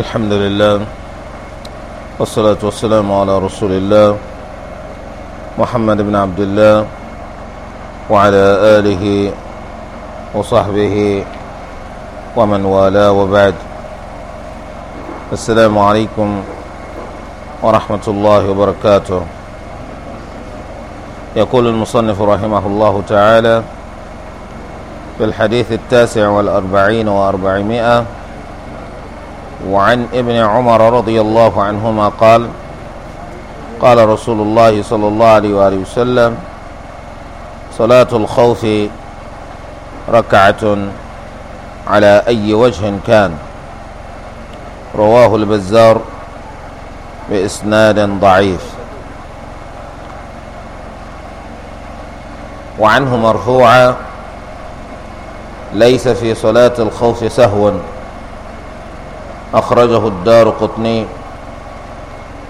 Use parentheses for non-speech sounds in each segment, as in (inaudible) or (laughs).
الحمد لله والصلاة والسلام على رسول الله محمد بن عبد الله وعلى آله وصحبه ومن والاه وبعد السلام عليكم ورحمة الله وبركاته يقول المصنف رحمه الله تعالى في الحديث التاسع والأربعين وأربعمائة وعن ابن عمر رضي الله عنهما قال قال رسول الله صلى الله عليه وآله وسلم صلاة الخوف ركعة على أي وجه كان رواه البزار بإسناد ضعيف وعنه مرفوعا ليس في صلاة الخوف سهو أخرجه الدار قطني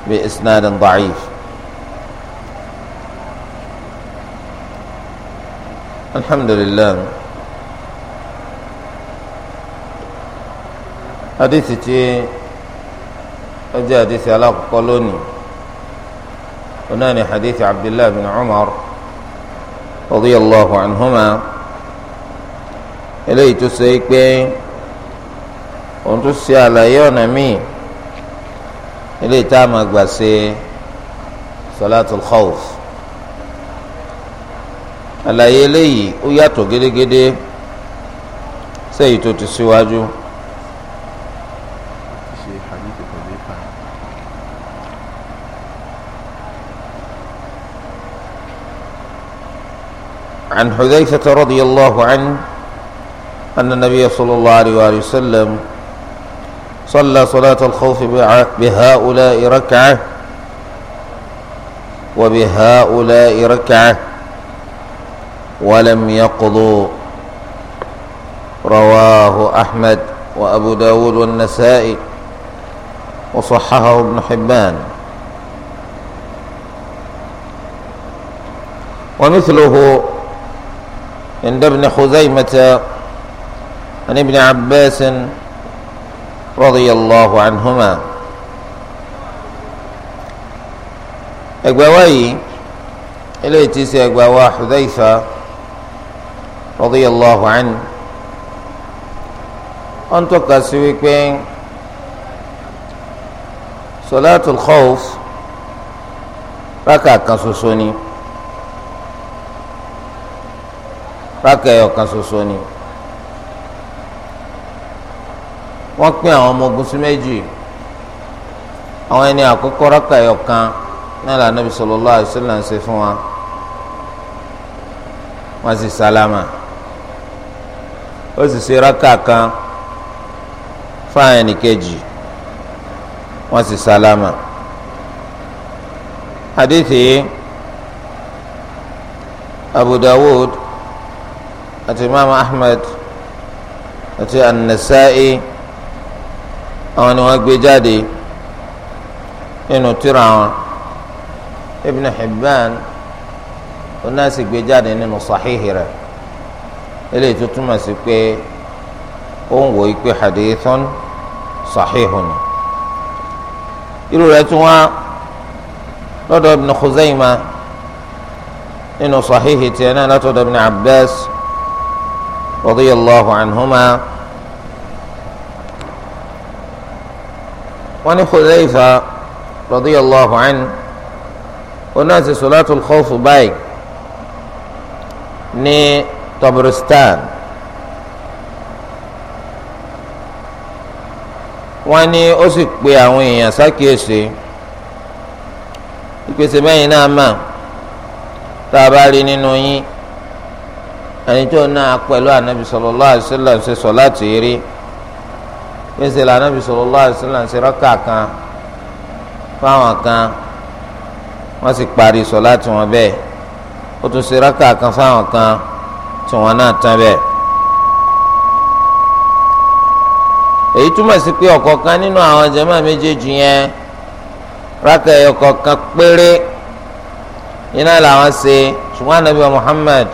بإسناد ضعيف الحمد لله حديثي تي أجي حديث على قولوني وناني حديث عبد الله بن عمر رضي الله عنهما إليه تسيك بيه òun tún ṣe àlàyé ọ̀nà míì eléyìí tá a máa gbà ṣe salatul khawf àlàyé eléyìí ó yàtọ̀ gédégédé sẹ́yìn tó ti síwájú. عن حذيفة رضي الله عنه أن النبي صلى الله عليه وسلم صلى صلاة الخوف بهؤلاء ركعة وبهؤلاء ركعة ولم يقضوا رواه أحمد وأبو داود والنسائي وصححه ابن حبان ومثله عند ابن خزيمة عن ابن عباس radiyallahu anhuma ẹgbẹ́ wa yìí eléyìí ti ṣe ẹgbẹ́ wa Hudhayfa radiyallahu anhu wọ́n tọ́ka sí wípé sọláàtù khawf rákà kan ṣoṣo ni rákà ẹ̀yọ̀ kan ṣoṣo ni. Raka wọ́n pín àwọn ọmọ ogun sí méjì àwọn ẹni àkọ́kọ́ rákà ẹyọ kan náà la Nabi sallallahu alaihi wasallam ń ṣe fún wa wọ́n sì sálámà ó sì ṣe rákà kan fáwọn ẹni kejì wọ́n sì sálámà hadithi Abu àti Imam Ahmad àti an àwọn ni wọ́n gbé jáde nínú tírà wọn Ibn Hibban wọn náà sì gbé jáde nínú sàhíhì rẹ̀ eléyìí tó túmọ̀ sí pé ó ń wò ó pé hadithun sàhíhùn irú rẹ̀ tún wá lọ́dọ̀ Ibn Khuzaymah nínú sàhíhì tiẹ̀ náà látọ̀dọ̀ Ibn Abbas radiyallahu anhuma. wọ́n ní Hudhayfa radiyallahu anhu onáà ti solatul khawf báyìí ní Tabaristan wọ́n ní ó sì pe àwọn èèyàn sákìyèsí ìpèsè mẹ́yìn náà mà tá a bá rí nínú yín ẹni tó náà pẹ̀lú ànábì sallallahu alaihi wasallam ṣe sọ láti rí yẹsẹ la Ànábì sallallahu alaihi wasallam ṣe rákà kan fáwọn kan wọ́n sì parí sọlá tiwọn bẹ́ẹ̀ ó tún ṣe rákà kan fáwọn kan tiwọn náà tán bẹ́ẹ̀. èyí túmọ̀ sí pé ọ̀kọ̀ọ̀kan nínú àwọn jàmáà méjèèjì yẹn rákà ọ̀kọ̀ọ̀kan péré iná làwọn ṣe ṣùgbọ́n Ànábì Muhammad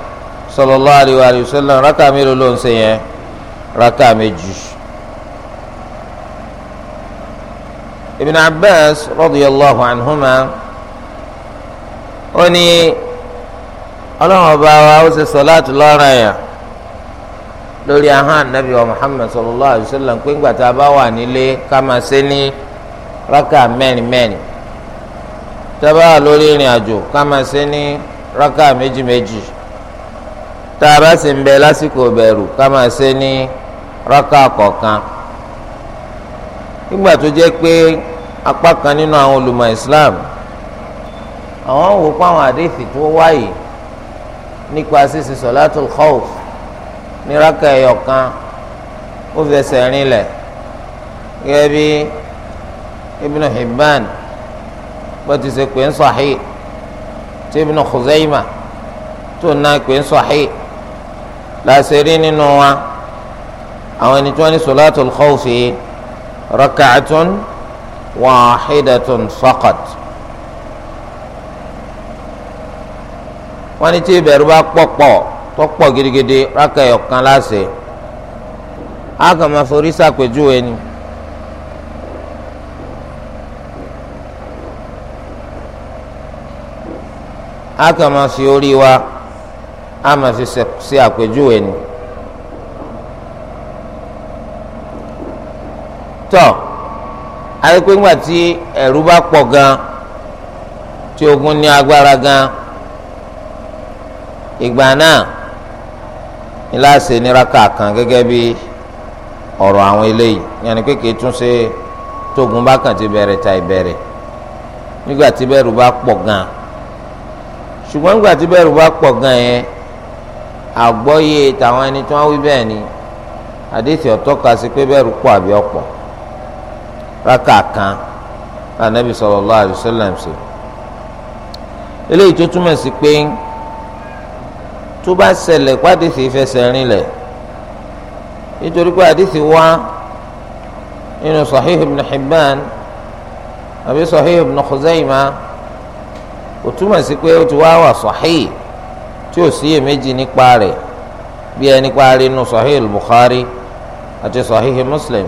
sallallahu alaihi wasallam rákà mélòó ló ń ṣe yẹn rákà méjì. ibn abbas radiyallahu anhuma ó ní ọlọ́run ọba wa ó ṣe sọ́láàtì lọ́rùn ẹ̀yà lórí ahọ́n anabi wa muhammad sallallahu alayhi wa sallam pé ńgbà tá a bá wà nílé ká máa ṣe ní rákà mẹ́rin mẹ́rin tá a bá wà lórí ìrìn àjò ká máa ṣe ní rákà méjì méjì tá a bá sì ń bẹ lásìkò bẹ̀rù ká máa ṣe ní rákà kọ̀ọ̀kan nígbà tó jẹ́ pé apá kan nínú àwọn olùmọ̀ Islam àwọn wò pé àwọn àdéhìí tó wáyé nípa ṣíṣe sọ̀látùl khawf ní rákà ẹyọ kan ó fẹsẹ̀ rinlẹ̀ gẹ́gẹ́ bí Ibn Hibban bó ti ṣe pé ń sahih tí Ibn Khuzaymah tó ná pé ń sahih láṣẹ rí nínú wa àwọn ẹni tí wọ́n ní sọ̀látùl khawf yìí raka'atun wahidatun faqat wọ́n ní tí ìbẹ̀rù bá pọ̀pọ̀ tó pọ̀ gidigidi rákà ẹ̀yọ̀kan láṣẹ á kàn máa forí sàpèjúwe ni. a kàn máa fi orí wa a máa fi ṣe àpèjúwe ni. tọ́ àyẹ̀pẹ́ ńgbà tí ẹ̀rú bá pọ̀ gan tí ogun ní agbára gan ìgbà náà ni láàṣẹ níraka kan gẹ́gẹ́ bí ọ̀rọ̀ àwọn eléyìí yẹnni kékeré tún ṣe tógun bá kàn ti bẹ̀rẹ̀ ta ìbẹ̀rẹ̀ nígbà tí bẹ̀rù bá pọ̀ gan ṣùgbọ́n nígbà tí bẹ̀rù bá pọ̀ gan yẹn àgbọ́yé tàwọn ẹni tí wọ́n wí bẹ́ẹ̀ ni àdéhìí ọ̀tọ́ka sí pé bẹ̀rù pọ̀ àbí ọ̀pọ̀ rákà kan anabi sallallahu alaihi wasallam ṣe eléyìí tó túmọ̀ sí pé tó bá ṣẹlẹ̀ pàdésì fẹsẹ̀ rinlẹ̀ nítorí pé àdìsí wá nínú sahih ibn hibban àbí sahih ibn khuzaima kò túmọ̀ sí pé ó ti wá wà sahih tí ò sí èméjì nípa rẹ̀ bí ẹni parí nínú sahih bukhari àti sahih muslim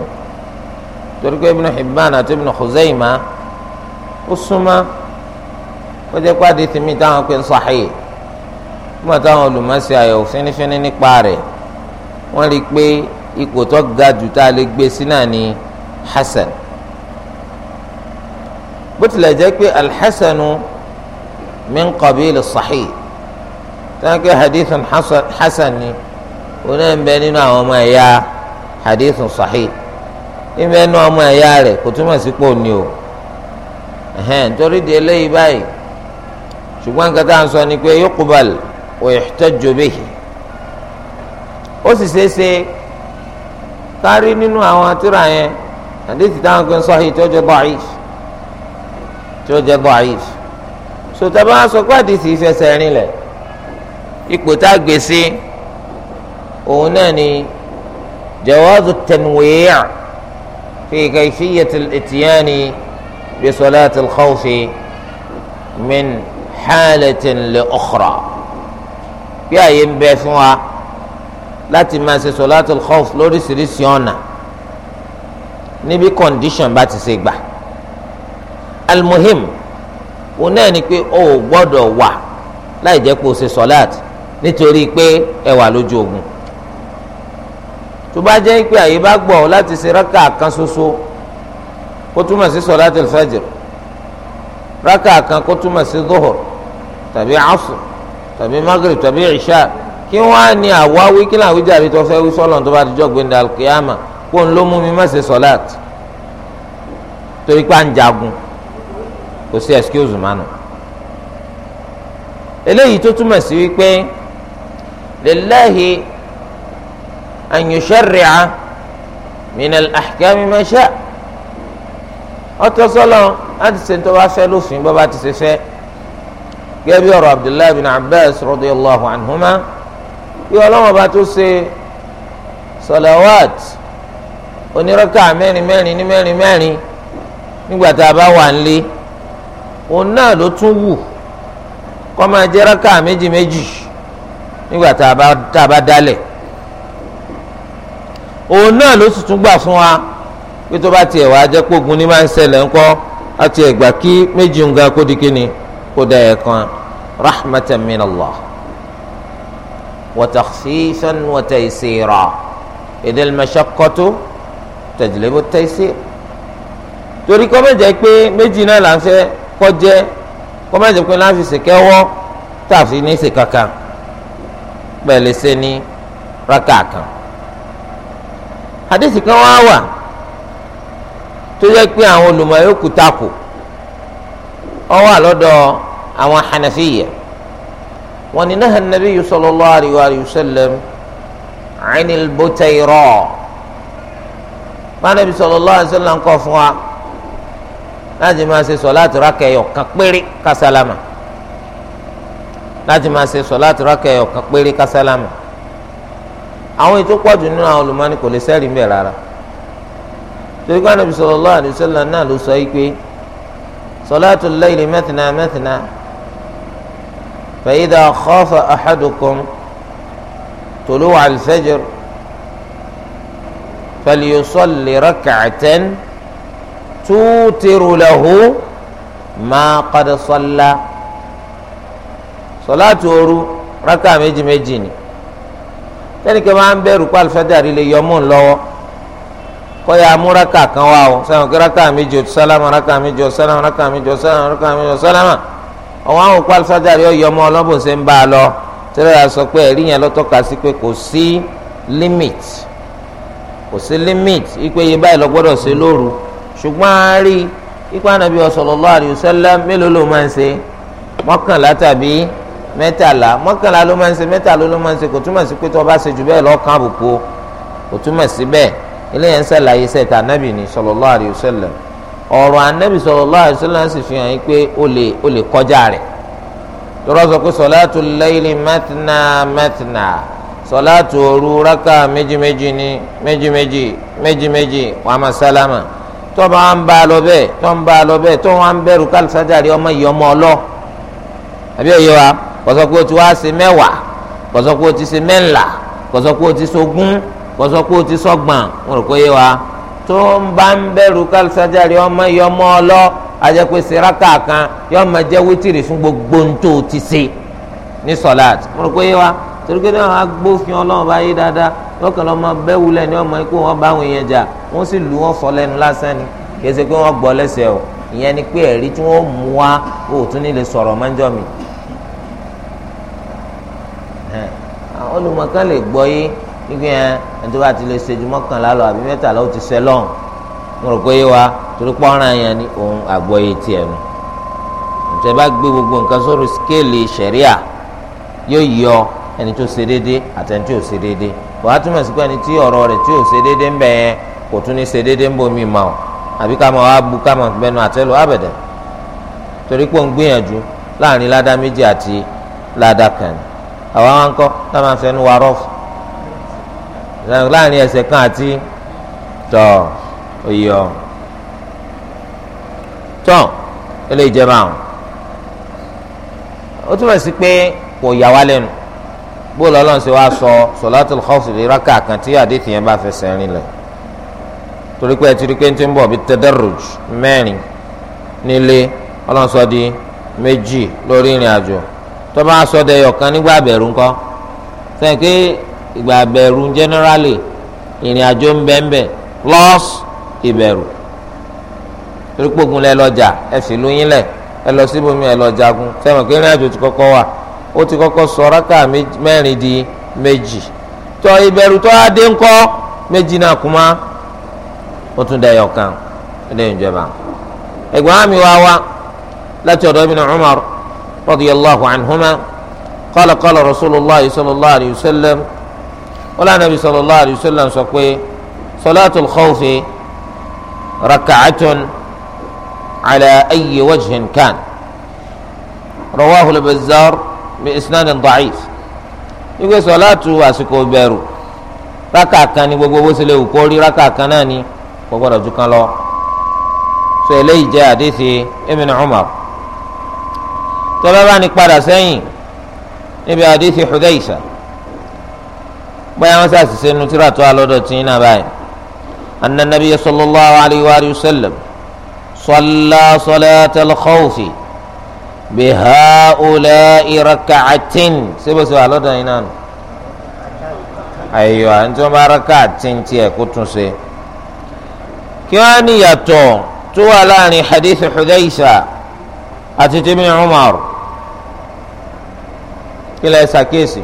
torí pé ibn Hibban àti ibn Khuzaimah ó súnmọ́ ó jẹ́ pé àdìsí mi táwọn pé ń sahih nígbà táwọn olùmọ̀ọ́sẹ̀ àyẹ̀wò fínífíní nípa rẹ̀ wọ́n rí i pé ipò tó ga jù tá a lè gbé sí náà ni hasan bó tilẹ̀ jẹ́ pé alhassanu min qabili sahih tanke hadithun hasan ni onáà ń bẹ nínú àwọn ọmọ ẹ̀yà hadithun sahih ìmọ̀ ẹnu ọmọ ẹ̀yà rẹ̀ kò túmọ̀ sí pò ní o nítorí di eléyìí báyìí ṣùgbọ́n nǹkan tá à ń sọ ni pé yuqbal wa yuhtajju bihi ó sì ṣeé ṣe kárí nínú àwọn àtúrà yẹn àdéhùn táwọn kan sọ yìí tó jẹ́ da'if tó jẹ́ da'if sòtàbá sọ pé àdéhùn ìfẹsẹ̀ rinlẹ̀ ipò tá a gbèsè òun náà ni jawazu tanwi' في كيفية الإتيان بصلاة الخوف من حالة لأخرى bí àyè ń bẹ fún wa láti máa ṣe solatul khawf lóríṣiríṣi ọ̀nà níbi condition bá ti ṣe gbà almuhim òun náà ni pé o ò gbọ́dọ̀ wà láì jẹ́ pé o ṣe solat nítorí pé ẹ wà lójú ogun tó bá jẹ́ pé àyè bá gbọ́ láti ṣe rákà kan ṣoṣo kó túmọ̀ sí sọ̀láàtì fajr rákà kan kó túmọ̀ sí zuhur tàbí asr tàbí maghrib tàbí isha kí wọ́n á ní àwáwí kí làwọn ìjà àbí tó fẹ́ wí sọ́lọ̀ tó bá dijọ́ gbẹ̀ndà alkiyama kó ń ló mú mi má ṣe sọ̀láàtì torí pé à ń jagun kò sí excuse mánu eléyìí tó túmọ̀ sí wípé lèlẹ́hìí an yusharri'a min al-ahkami ma sha' ọtọ sọlọ láti ṣe tó bá fẹ́ lófin bó bá ti ṣe fẹ́ gẹ́gẹ́ bí ọ̀rọ̀ abdullahi bin abbas radiyallahu anhuma bí ọlọ́wọ́n bá tó ṣe sọlẹ́wàt onírọ́kà mẹ́rin mẹ́rin ní mẹ́rin mẹ́rin nígbà tá a bá wà nílé òun náà ló tún wù kó máa jẹ́ rọ́kà méjì méjì nígbà tá a bá dálẹ̀ òun náà ló sì tún gbà fún wa pé tó bá tiẹ̀ wá jẹ́ kógun ní máa ń ṣẹlẹ̀ ńkọ́ àti ẹ̀gbà kí méjì ń ga kó di kíni kó da ẹ̀ kan rahmatan min Allah wa takhsisan wa taysira idil mashaqqatu tajlibu taysir torí kọ́ mẹ́jẹ̀ pé méjì náà là ń fẹ́ kọjẹ́ kọ́ mẹ́jẹ̀ pé láti ṣèkẹ́wọ́ tààfin ní ṣèkankan pẹ̀lẹ́sẹ̀ ní rákà hadisi kan wá wà tó yẹ pé àwọn olùmọ̀ yóò kú takò ó wà lọ́dọ̀ àwọn hanafiya wọn ni nahan nabiyyu sallallahu alayhi wa sallam anil butayra bánabi sallallahu alayhi wa sallam kọ̀ fún wa láti máa ṣe sọláàtì rákẹyọ kan péré kásálámà láti máa ṣe sọláàtì rákẹyọ kan péré kásálámà àwọn ètò pọ̀jù nínú àwọn olùmọ́ni kò lè sẹ́rìí mbẹ̀ rárá torí pé Ànábì sallallahu alaihi wasallam náà ló sọ yìí pé salatul layli mathna mathna fa idha khafa ahadukum tulu'a al-fajr falyusalli rak'atan tutiru lahu ma qad salla salatu òru rákà méjì méjì ni tẹnikẹ́ máa ń bẹ̀rù pa alifájàrí lè yọmú lọ́wọ́ kọ́ya amúraka kan wá o sẹ́wọ̀n kí raka mi jò sálámà raka mi jò sálámà raka mi jò sálámà raka mi jò sálámà ọ̀wọ́n àwọn òkú alifájàrí yọ yọmú ọlọ́bùn ṣe ń bá a lọ tẹ́lẹ̀ la sọ pé ẹ̀rí yẹn lọ́tọ́ka sí pé kò sí limit kò sí limit ipe yìí báyìí lọ gbọ́dọ̀ ṣe lóru ṣùgbọ́n a rí ipa Ànábì sallallahu alaihi wasallam mélòó ló máa ń ṣe mọ́kànlá tàbí mẹ́tàlá mọ́kànlá ló máa ń ṣe mẹ́tàlá ló máa ń ṣe kò túmọ̀ sí pé tó o bá ṣe jù bẹ́ẹ̀ lọ́kàn àbùkù o kò túmọ̀ sí bẹ́ẹ̀ eléyẹn ń ṣàlàyé sẹ́ta anábì ni sallallahu alaihi wasallam ọ̀rọ̀ anábì sallallahu alaihi wasallam sì fi hàn yín pé o lè o lè kọjá rẹ̀ tọ́rọ sọ pé salatul layli matna matna salatu òru rákà méjìméjì ni méjìméjì méjìméjì kò sọ pé o ti wá ṣe mẹ́wàá kò sọ pé o ti ṣe mẹ́ńlá kò pé o ti ṣogún kò pé o ti ṣọgbọ̀n mo rò pé yé wa tó ń bá ń bẹ̀rù kálísájárì ọmọ yìí ọmọ ọlọ́ ajẹ́pẹ́ siraka kan yọ máa jẹ́ wítìrì fún gbogbo ohun tó o ti ṣe ní sọ̀láàtì mo rò pé yé wa torí pé náà agbófin ọlọ́run bá yé dáadáa lọ́kàn lọ́ máa bẹ́ wulẹ̀ ní ọmọ ikú wọn bá àwọn èèyàn jà wọ́n sì lù wọ́n fọ́ lẹ́nu lásán ni kì í ṣe pé wọ́n gbọ́ lẹ́sẹ̀ o ìyẹn ni pé ẹ̀rí tí wọ́n mú wa òòtún nílé sọ̀rọ̀ máa ń jọ mi olùmọ̀kan lè gbọ́ yé nígbà yẹn ẹni tó bá ti lè ṣe ju mọ́kànlá lọ àbí mẹ́tàlá ó ti ṣe lọ́n mo rò pé yé wa torí pọ́nrán yẹn ni òun àgbọ̀ yé tiẹ̀ nu ìtẹ́ bá gbé gbogbo nǹkan sórí skéèlì ṣẹ̀ríà yóò yọ ẹni tó ṣe déédé àti ẹni tí ò ṣe déédé wàá túmọ̀ sí pé ẹni tí ọ̀rọ̀ rẹ̀ tí ò ṣe déédé ń bẹ̀ yẹn kò tún ní ṣe déédé ń bomi mọ́ ọ àbí ká máa wá bu ká máa gbẹnu àtẹ́lu àbẹ̀dẹ̀ torí pé ó gbìyànjú láàrin ládá méjì àti ládá kan ni àwa wa ń kọ́ táwọn afẹnu wa rọ́ọ̀fù láàrin ẹsẹ̀ kan àti tọ̀ oyè tọ̀ eléyìí jẹ́ báwọn ó túmọ̀ sí pé kò yà wá lẹ́nu bóòlù ọlọ́run ṣe wá sọ sọláàtúl khawfi di rákà kan tí àdéhìí yẹn bá fẹsẹ̀ rìn lẹ̀ torí pé ẹtì rí pé ń ń bọ̀ bí tadarruj mẹ́rin nílé ọlọ́run sọ di méjì lórí ìrìn àjò tọba sọdẹ ọ̀kan nígbà bẹ̀rù ńkọ́ sẹ́yìn ìgbà bẹ̀rù irin-ajo mbembe plus iberu. ìbẹ̀rù torí pògùn lọ ti kọkọ wà ó ti kọkọ sọ rákà di méjì tọ ìbẹ̀rù tọ adé ńkọ́ méjì náà kúmá ó tún ìjọba láti radiyallahu anhuma qala qala rasulillah sallallahu alayhi wa sallam wala nabi sallallahu alayhi wa sallam sọ pé salatul khawfi raka'atun ala ayi wajhin kan rawahu al-bazzar bi isnadin da'if igbe salatu àsìkò bẹ̀rù raka kan ni gbogbo bó ṣẹlẹ̀ òkò rí raka kan náà ni kò gbọdọ̀ ju kan lọ so eléyìí jẹ́ àdéhìí Ibn Umar. tọ́lá bá ní padà sẹ́yìn níbi àdéhìí Hudaysa bóyá wọn sá ṣiṣẹ́ nu tíra tó alọ́dọ̀ tí ń nà báyìí anna nabiyya sallallahu alayhi wa sallam salla salata al-khawfi bi haula'i síbòsí wa lọ́dọ̀ yìí nánu ayiwa ntí wọn bá raka'atin tiẹ̀ kó tún sí kí wọn ní yàtọ̀ tó wà láàrin hadith Hudaysa àti tèmi Umar. kí lẹ ṣàkíyèsí.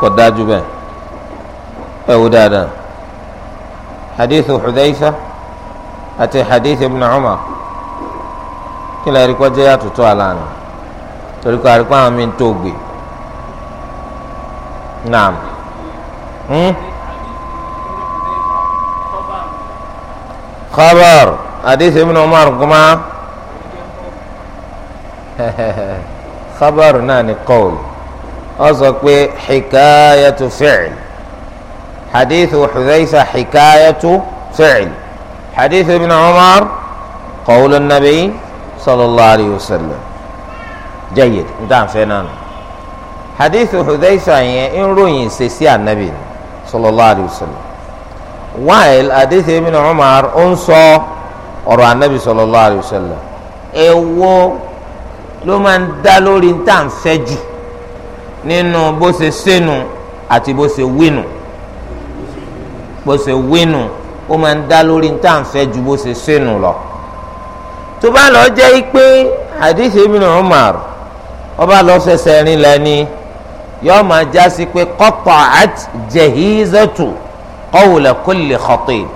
kò dájú bẹ́ẹ̀ ẹ wò dáadáa hadith Hudhayfa àti hadith Ibn Umar kí lè rí kọjá yàtọ̀ tó àlànà. torí kó àrùkọ àwọn mi ń tó gbé naam hmm? khabar hadith ibn umar kuma khabar náà ni qawl ó sọ pé hikayatu fi'l hadithu hudhayfa hikayatu fi'l hadith ibn umar qawl an-nabi sallallahu alayhi wa sallam. jẹyìd ntànfẹ́ náà nù. hadithu hudaysa yẹn ń ròyìn ṣèṣì ànábì sallallahu alayhi wa sallam while hadithu ibn umar ń sọ ọ̀rọ̀ ànábì sallallahu alayhi wa sallam èwo ló máa ń dá lórí ntànfẹ́ jù nínú bó ṣe sẹ́nu àti bó ṣe wínu bó ṣe wínu ó máa ń dá lórí ntànfẹ́ ju bó ṣe sẹ́nu lọ tó bá lọ jẹ́ pé hadith ibn umar ọba lọ fẹsẹ̀ rìn lẹ́ni yọọ máa já sí pé qata'at jahizatu qawla kulli khatib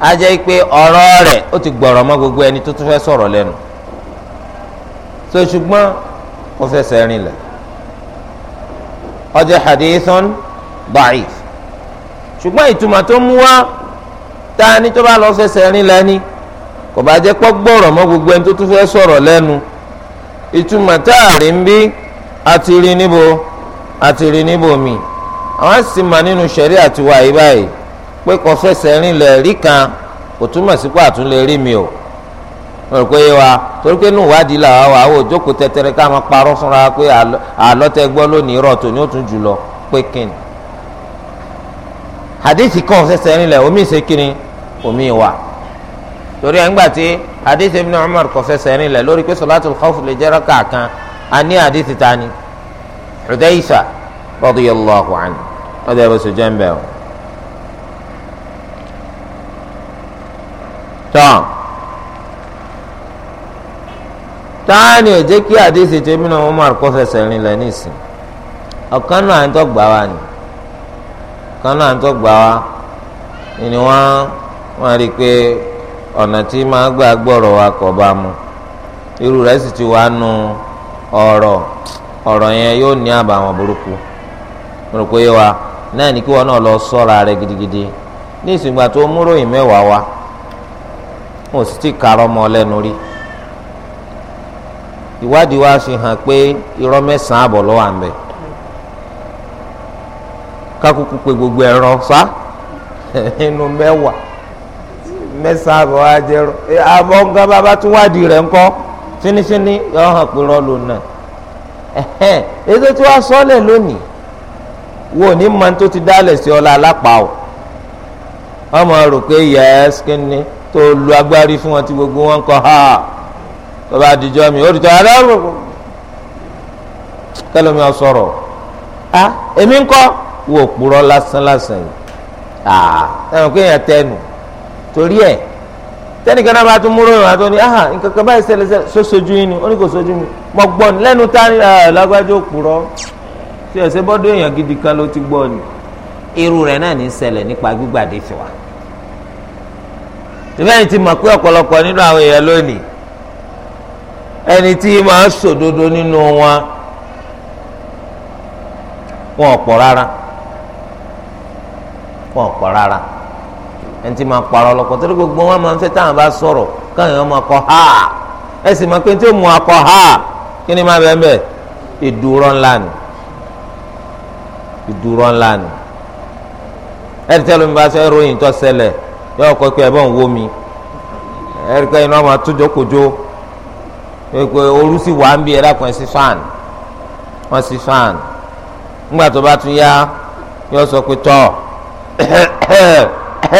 á jẹ́ pé ọ̀rọ̀ rẹ̀ ó ti gbọ̀rọ̀ mọ́ gbogbo ẹni tó tún fẹ́ sọ̀rọ̀ lẹ́nu so ṣùgbọ́n ó fẹsẹ̀ rìn lẹ̀ ó jẹ́ hadithun da'if ṣùgbọ́n ìtumọ̀ tó mú wá ta tó bá lọ fẹsẹ̀ rìn lẹ́ni kò bá jẹ́ pọ́ gbọ̀rọ̀ mọ́ gbogbo ẹni tó tún fẹ́ sọ̀rọ̀ lẹ́nu ìtumọ̀ táàrí ń bí àti rí níbo àti rí níbo mi àwọn sì mà nínú sẹ̀rí àtiwá yìí báyìí pé kò fẹsẹ̀ rinlẹ̀ rí kan kò túmọ̀ sí pé àtúnlẹ̀ rí mi o rò pé wa torí pé nù wádìí làwa wà áwò jókòó tẹtẹrẹ ká máa parọ́ fúnra pé àlọ́ tẹ gbọ́ lónìí rọ̀ tòní ó tún jù lọ pé kíni hadith kan fẹsẹ̀ rinlẹ̀ omi ìṣe kíni omi wà torí ẹ̀ ń gbà tí hadith ibn umar kò fẹsẹ̀ rìn lẹ̀ lórí pé salatul khawf lè jẹ́ rákà kan a ní hadith ta ni Hudayfa radiyallahu anhu ọdẹ bó so jẹ́ ń bẹ̀ o. tán tán ni ò jẹ́ kí hadith ti ibn umar kò fẹsẹ̀ rìn lẹ̀ nísìn ọ̀kan náà ń tọ́ gbà wá ni ọ̀kan náà ń tọ́ gbà wá ni wọ́n wọ́n rí i pé. ọ̀nà tí máa gbà gbọ́rọ̀ wa kọ̀ bá mu irú rẹ̀ sì ti wá nu ọ̀rọ̀ ọ̀rọ̀ yẹn yóò ní àbàwọ́n burúkú wa náà ní lọ sọ́ra gidigidi ní ìsìngbà tó múròyìn mẹ́wàá wa wọn ò sì ti kàrọ́ mọ́ lẹ́nu rí ìwádìí wa fi hàn pé irọ́ mẹ́sàn-án gbogbo (laughs) mẹ́sà àbọ̀ ajẹ́rọ àbọ̀ nǹkan bàbá tún wádìí rẹ̀ ńkọ́ fínífíní yọ hàn pé rọ́ọ̀lù náà ètò tí wàá sọ́lẹ̀ lónìí wo ní mọ tó ti dálẹ̀ sí ọlá alápá o ọmọ rò pé yẹ́s kí ni tó lu agbárí fún wọn tí gbogbo wọn kọ ha tó bá dijọ́ mi ó dijọ́ adáwọ̀ kẹlẹ́mi ọ sọ̀rọ̀ ah èmi ń kọ́ wò ó lásán lásán yìí ah ẹ̀rọ pé èèyàn tẹnu torí ẹ̀ tẹnikan náà bá tún múrò ìrìn àtọ́ ni aha nǹkan kan báyìí ṣẹlẹ̀ ṣẹlẹ̀ ṣoṣojú yín ni ó ní kò ṣojú mi mo gbọ́ ni lẹ́nu tá lágbájá òpùrọ́ tí ẹ̀sẹ̀ bọ́dọ̀ èèyàn gidi kan ló ti gbọ́ ni irú rẹ̀ náà ní ṣẹlẹ̀ nípa gbígbàdé tiwa. ìbẹ́yìn ti mọ̀ pé ọ̀pọ̀lọpọ̀ nínú àwọn èèyàn lónìí ẹni tí máa ń sòdodo nínú wọn wọn ọ̀pọ̀ rárá wọn ọ̀pọ̀ rárá ẹni tí máa parọ́ lọ́kọ torí gbogbo wọn máa ń fẹ́ táwọn bá sọ̀rọ̀ káwọn èèyàn máa kọ ha ẹ sì máa pé tí ó mú akọ ha kí ni máa bẹ́ẹ̀ bẹ́ẹ̀ ìdúró ńlá ni ìdúró ńlá ni ẹni tẹ́lẹ̀ mi bá sọ ìròyìn tó ṣẹlẹ̀ yọ ọkọ pé ẹ̀bọ̀n wo mi ẹni tẹ́lẹ̀ iná máa tún jókòjó pé orú sì wà ń bí ẹ̀dá kan sí fan wọ́n sí fan ńgbà tó bá tún yá yọ sọ pé tọ́ (coughs) (laughs)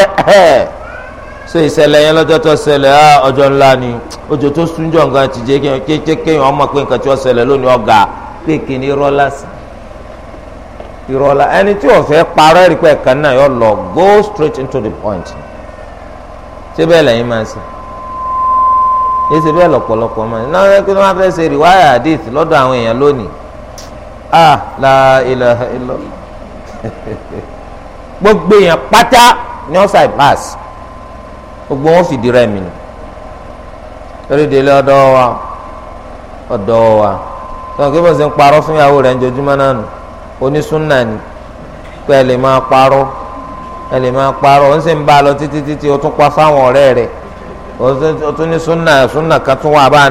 so ìṣẹ̀lẹ̀ yẹn lọ́jọ́ tó ṣẹlẹ̀ á ah, ọjọ́ ńlá ni ọjọ́ tó súnjọ́ nǹkan ti jẹ́ kéèké wọn mọ̀ pé nǹkan tí wọ́n ṣẹlẹ̀ lónìí ọ̀gá kéèké ní irọ́ lásán irọ́ la ẹni tí wọ́n fẹ́ parọ́ ẹ̀rí pé ẹ̀ka náà yọ lọ go straight into the point ṣé bẹ́ẹ̀ lẹ́yìn máa ń sìn yé ṣe bẹ́ẹ̀ lọ́pọ̀lọpọ̀ máa ń sìn náà kí wọ́n fẹ́ ṣe rìwáyà àdìs lọ́dọ̀ àwọn èèyàn lónìí ah la ilaha illallah (laughs) gbogbo èèyàn pátá ní ọ́fíìsì pass gbogbo wọn fìdí rẹ̀ mi nù torí délé ọ̀dọ̀ wa ọ̀dọ̀ wa tọ́ kí wọ́n ń parọ́ fún ìyàwó rẹ̀ náà nù ni pé ẹ lè máa parọ́ ẹ lè máa parọ́ ó a títí títí o tún pa fáwọn ọ̀rẹ́ rẹ̀ o tún ní súnà súnà kan tún wà báà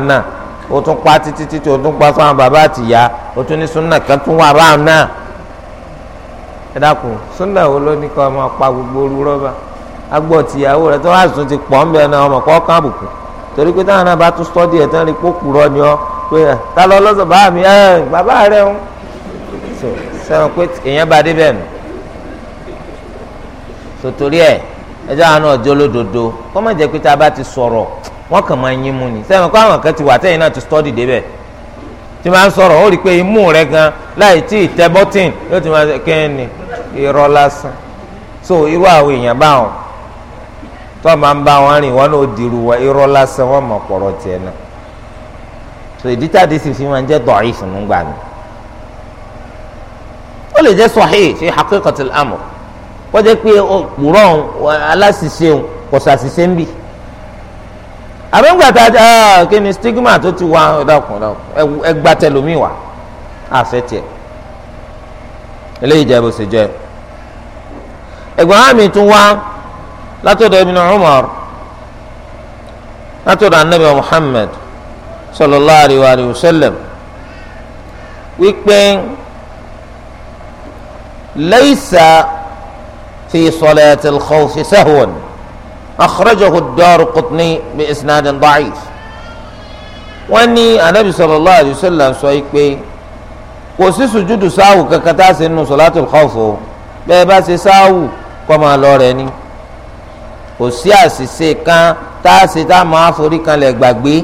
o tún pa títí títí o tún pa fáwọn bàbá àtìyá tún ní kan tún wà ẹ dákun súnà wo ló ní ọmọ pa gbogbo orú rọ́bà agbọ́ tìyàwó rẹ̀ tó wá sùn ti pọ̀ ńbẹ náà ọmọ kọ́ kán àbùkù torí pé táwọn náà bá tún ẹ̀ tán rọ ni ọ pé ẹ ta lọ lọ́sọ̀ bá mi ẹ bàbá rẹ ń sẹ́wọ̀n pé èèyàn bá dé bẹ́ẹ̀ nù sotori ẹ ẹjọ́ àánú ọjọ́ lódodo kọ́ má jẹ́ pé tá a bá ti sọ̀rọ̀ wọ́n kàn máa yín mú ni sẹ́wọ̀n kọ́ àwọn kan ti wà tẹ́yìn náà ti sọ́dí débẹ̀ tí máa ń sọ̀rọ̀ ó rí i pé imú rẹ gan láì tí ì tẹ bọ́tìn yóò ti máa irọ́ lásán so irú àwọn èèyàn báwọn tó máa ń bá wọn rìn wọn náà dirú wọn irọ́ lásán wọn mọ̀ pọ̀rọ̀ tiẹ̀ náà so ìdí tàdí sì fi máa ń jẹ́ dọ̀ọ́yì fún un gbà mí ó lè jẹ́ sahih fi haqiqatil amr kọjá pé òpùrọ̀ aláṣìṣe kò ṣàṣìṣe ń bì àbẹ̀ngbàtà ah, kí ni stigma tó ti wá ọ̀dàkùn ẹgbàtẹ lómi wà àfẹ́ eléyìí jẹ́ bó ṣe jẹ́ ẹ̀gbọ́n àmì tún wá látọ̀dọ̀ Ibn Umar látọ̀dọ̀ anabi Muhammad sallallahu alayhi wa sallam wípé laysa fi salati al-khawfi sahwan akhrajahu ad-Daraqutni bi isnadin da'if wọ́n ní anabi sallallahu alayhi wa sallam sọ wípé kò sí sùjúdù sáwù kankan tá a sì nù salatul khawf bẹ́ẹ̀ bá ṣe sáwù kọ́ máa lọ rẹ̀ ni kò sí àṣìṣe kan tá a ṣe tá a máa forí kanlẹ̀ gbàgbé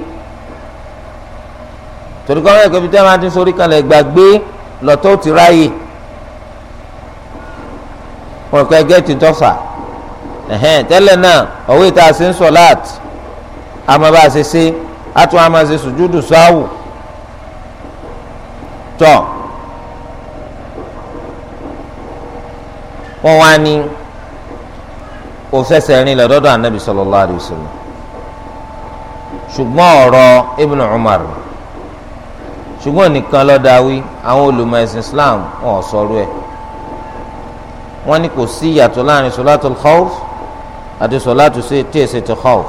torí kọ́ mẹ́rin kẹ́bi tí a máa ti forí kanlẹ̀ gbàgbé lọ́tọ́ ti ráyè wọn kọ́ ẹgẹ́ ti tọ́fà ẹ̀hẹ́n tẹ́lẹ̀ náà ọ̀wé tá a ṣe ń sọ láàtì àmọ́ bá a ṣe ṣe á tún a máa ṣe sùjúdù sáwù tọ́ wọn wá ní kò fẹsẹ̀ rìn lọ dọ́dọ̀ anabi sallallahu alayhi wa sallam ṣùgbọ́n ọ̀rọ̀ ibn umar ṣùgbọ́n nìkan lọ́dàwí àwọn olùmọ̀ ẹ̀sìn islam wọn ò sọ̀rọ̀ ẹ̀ wọ́n ní kò sí ìyàtọ̀ láàrin sọ̀látù khawf àti sọ̀látù tí èsè ti khawf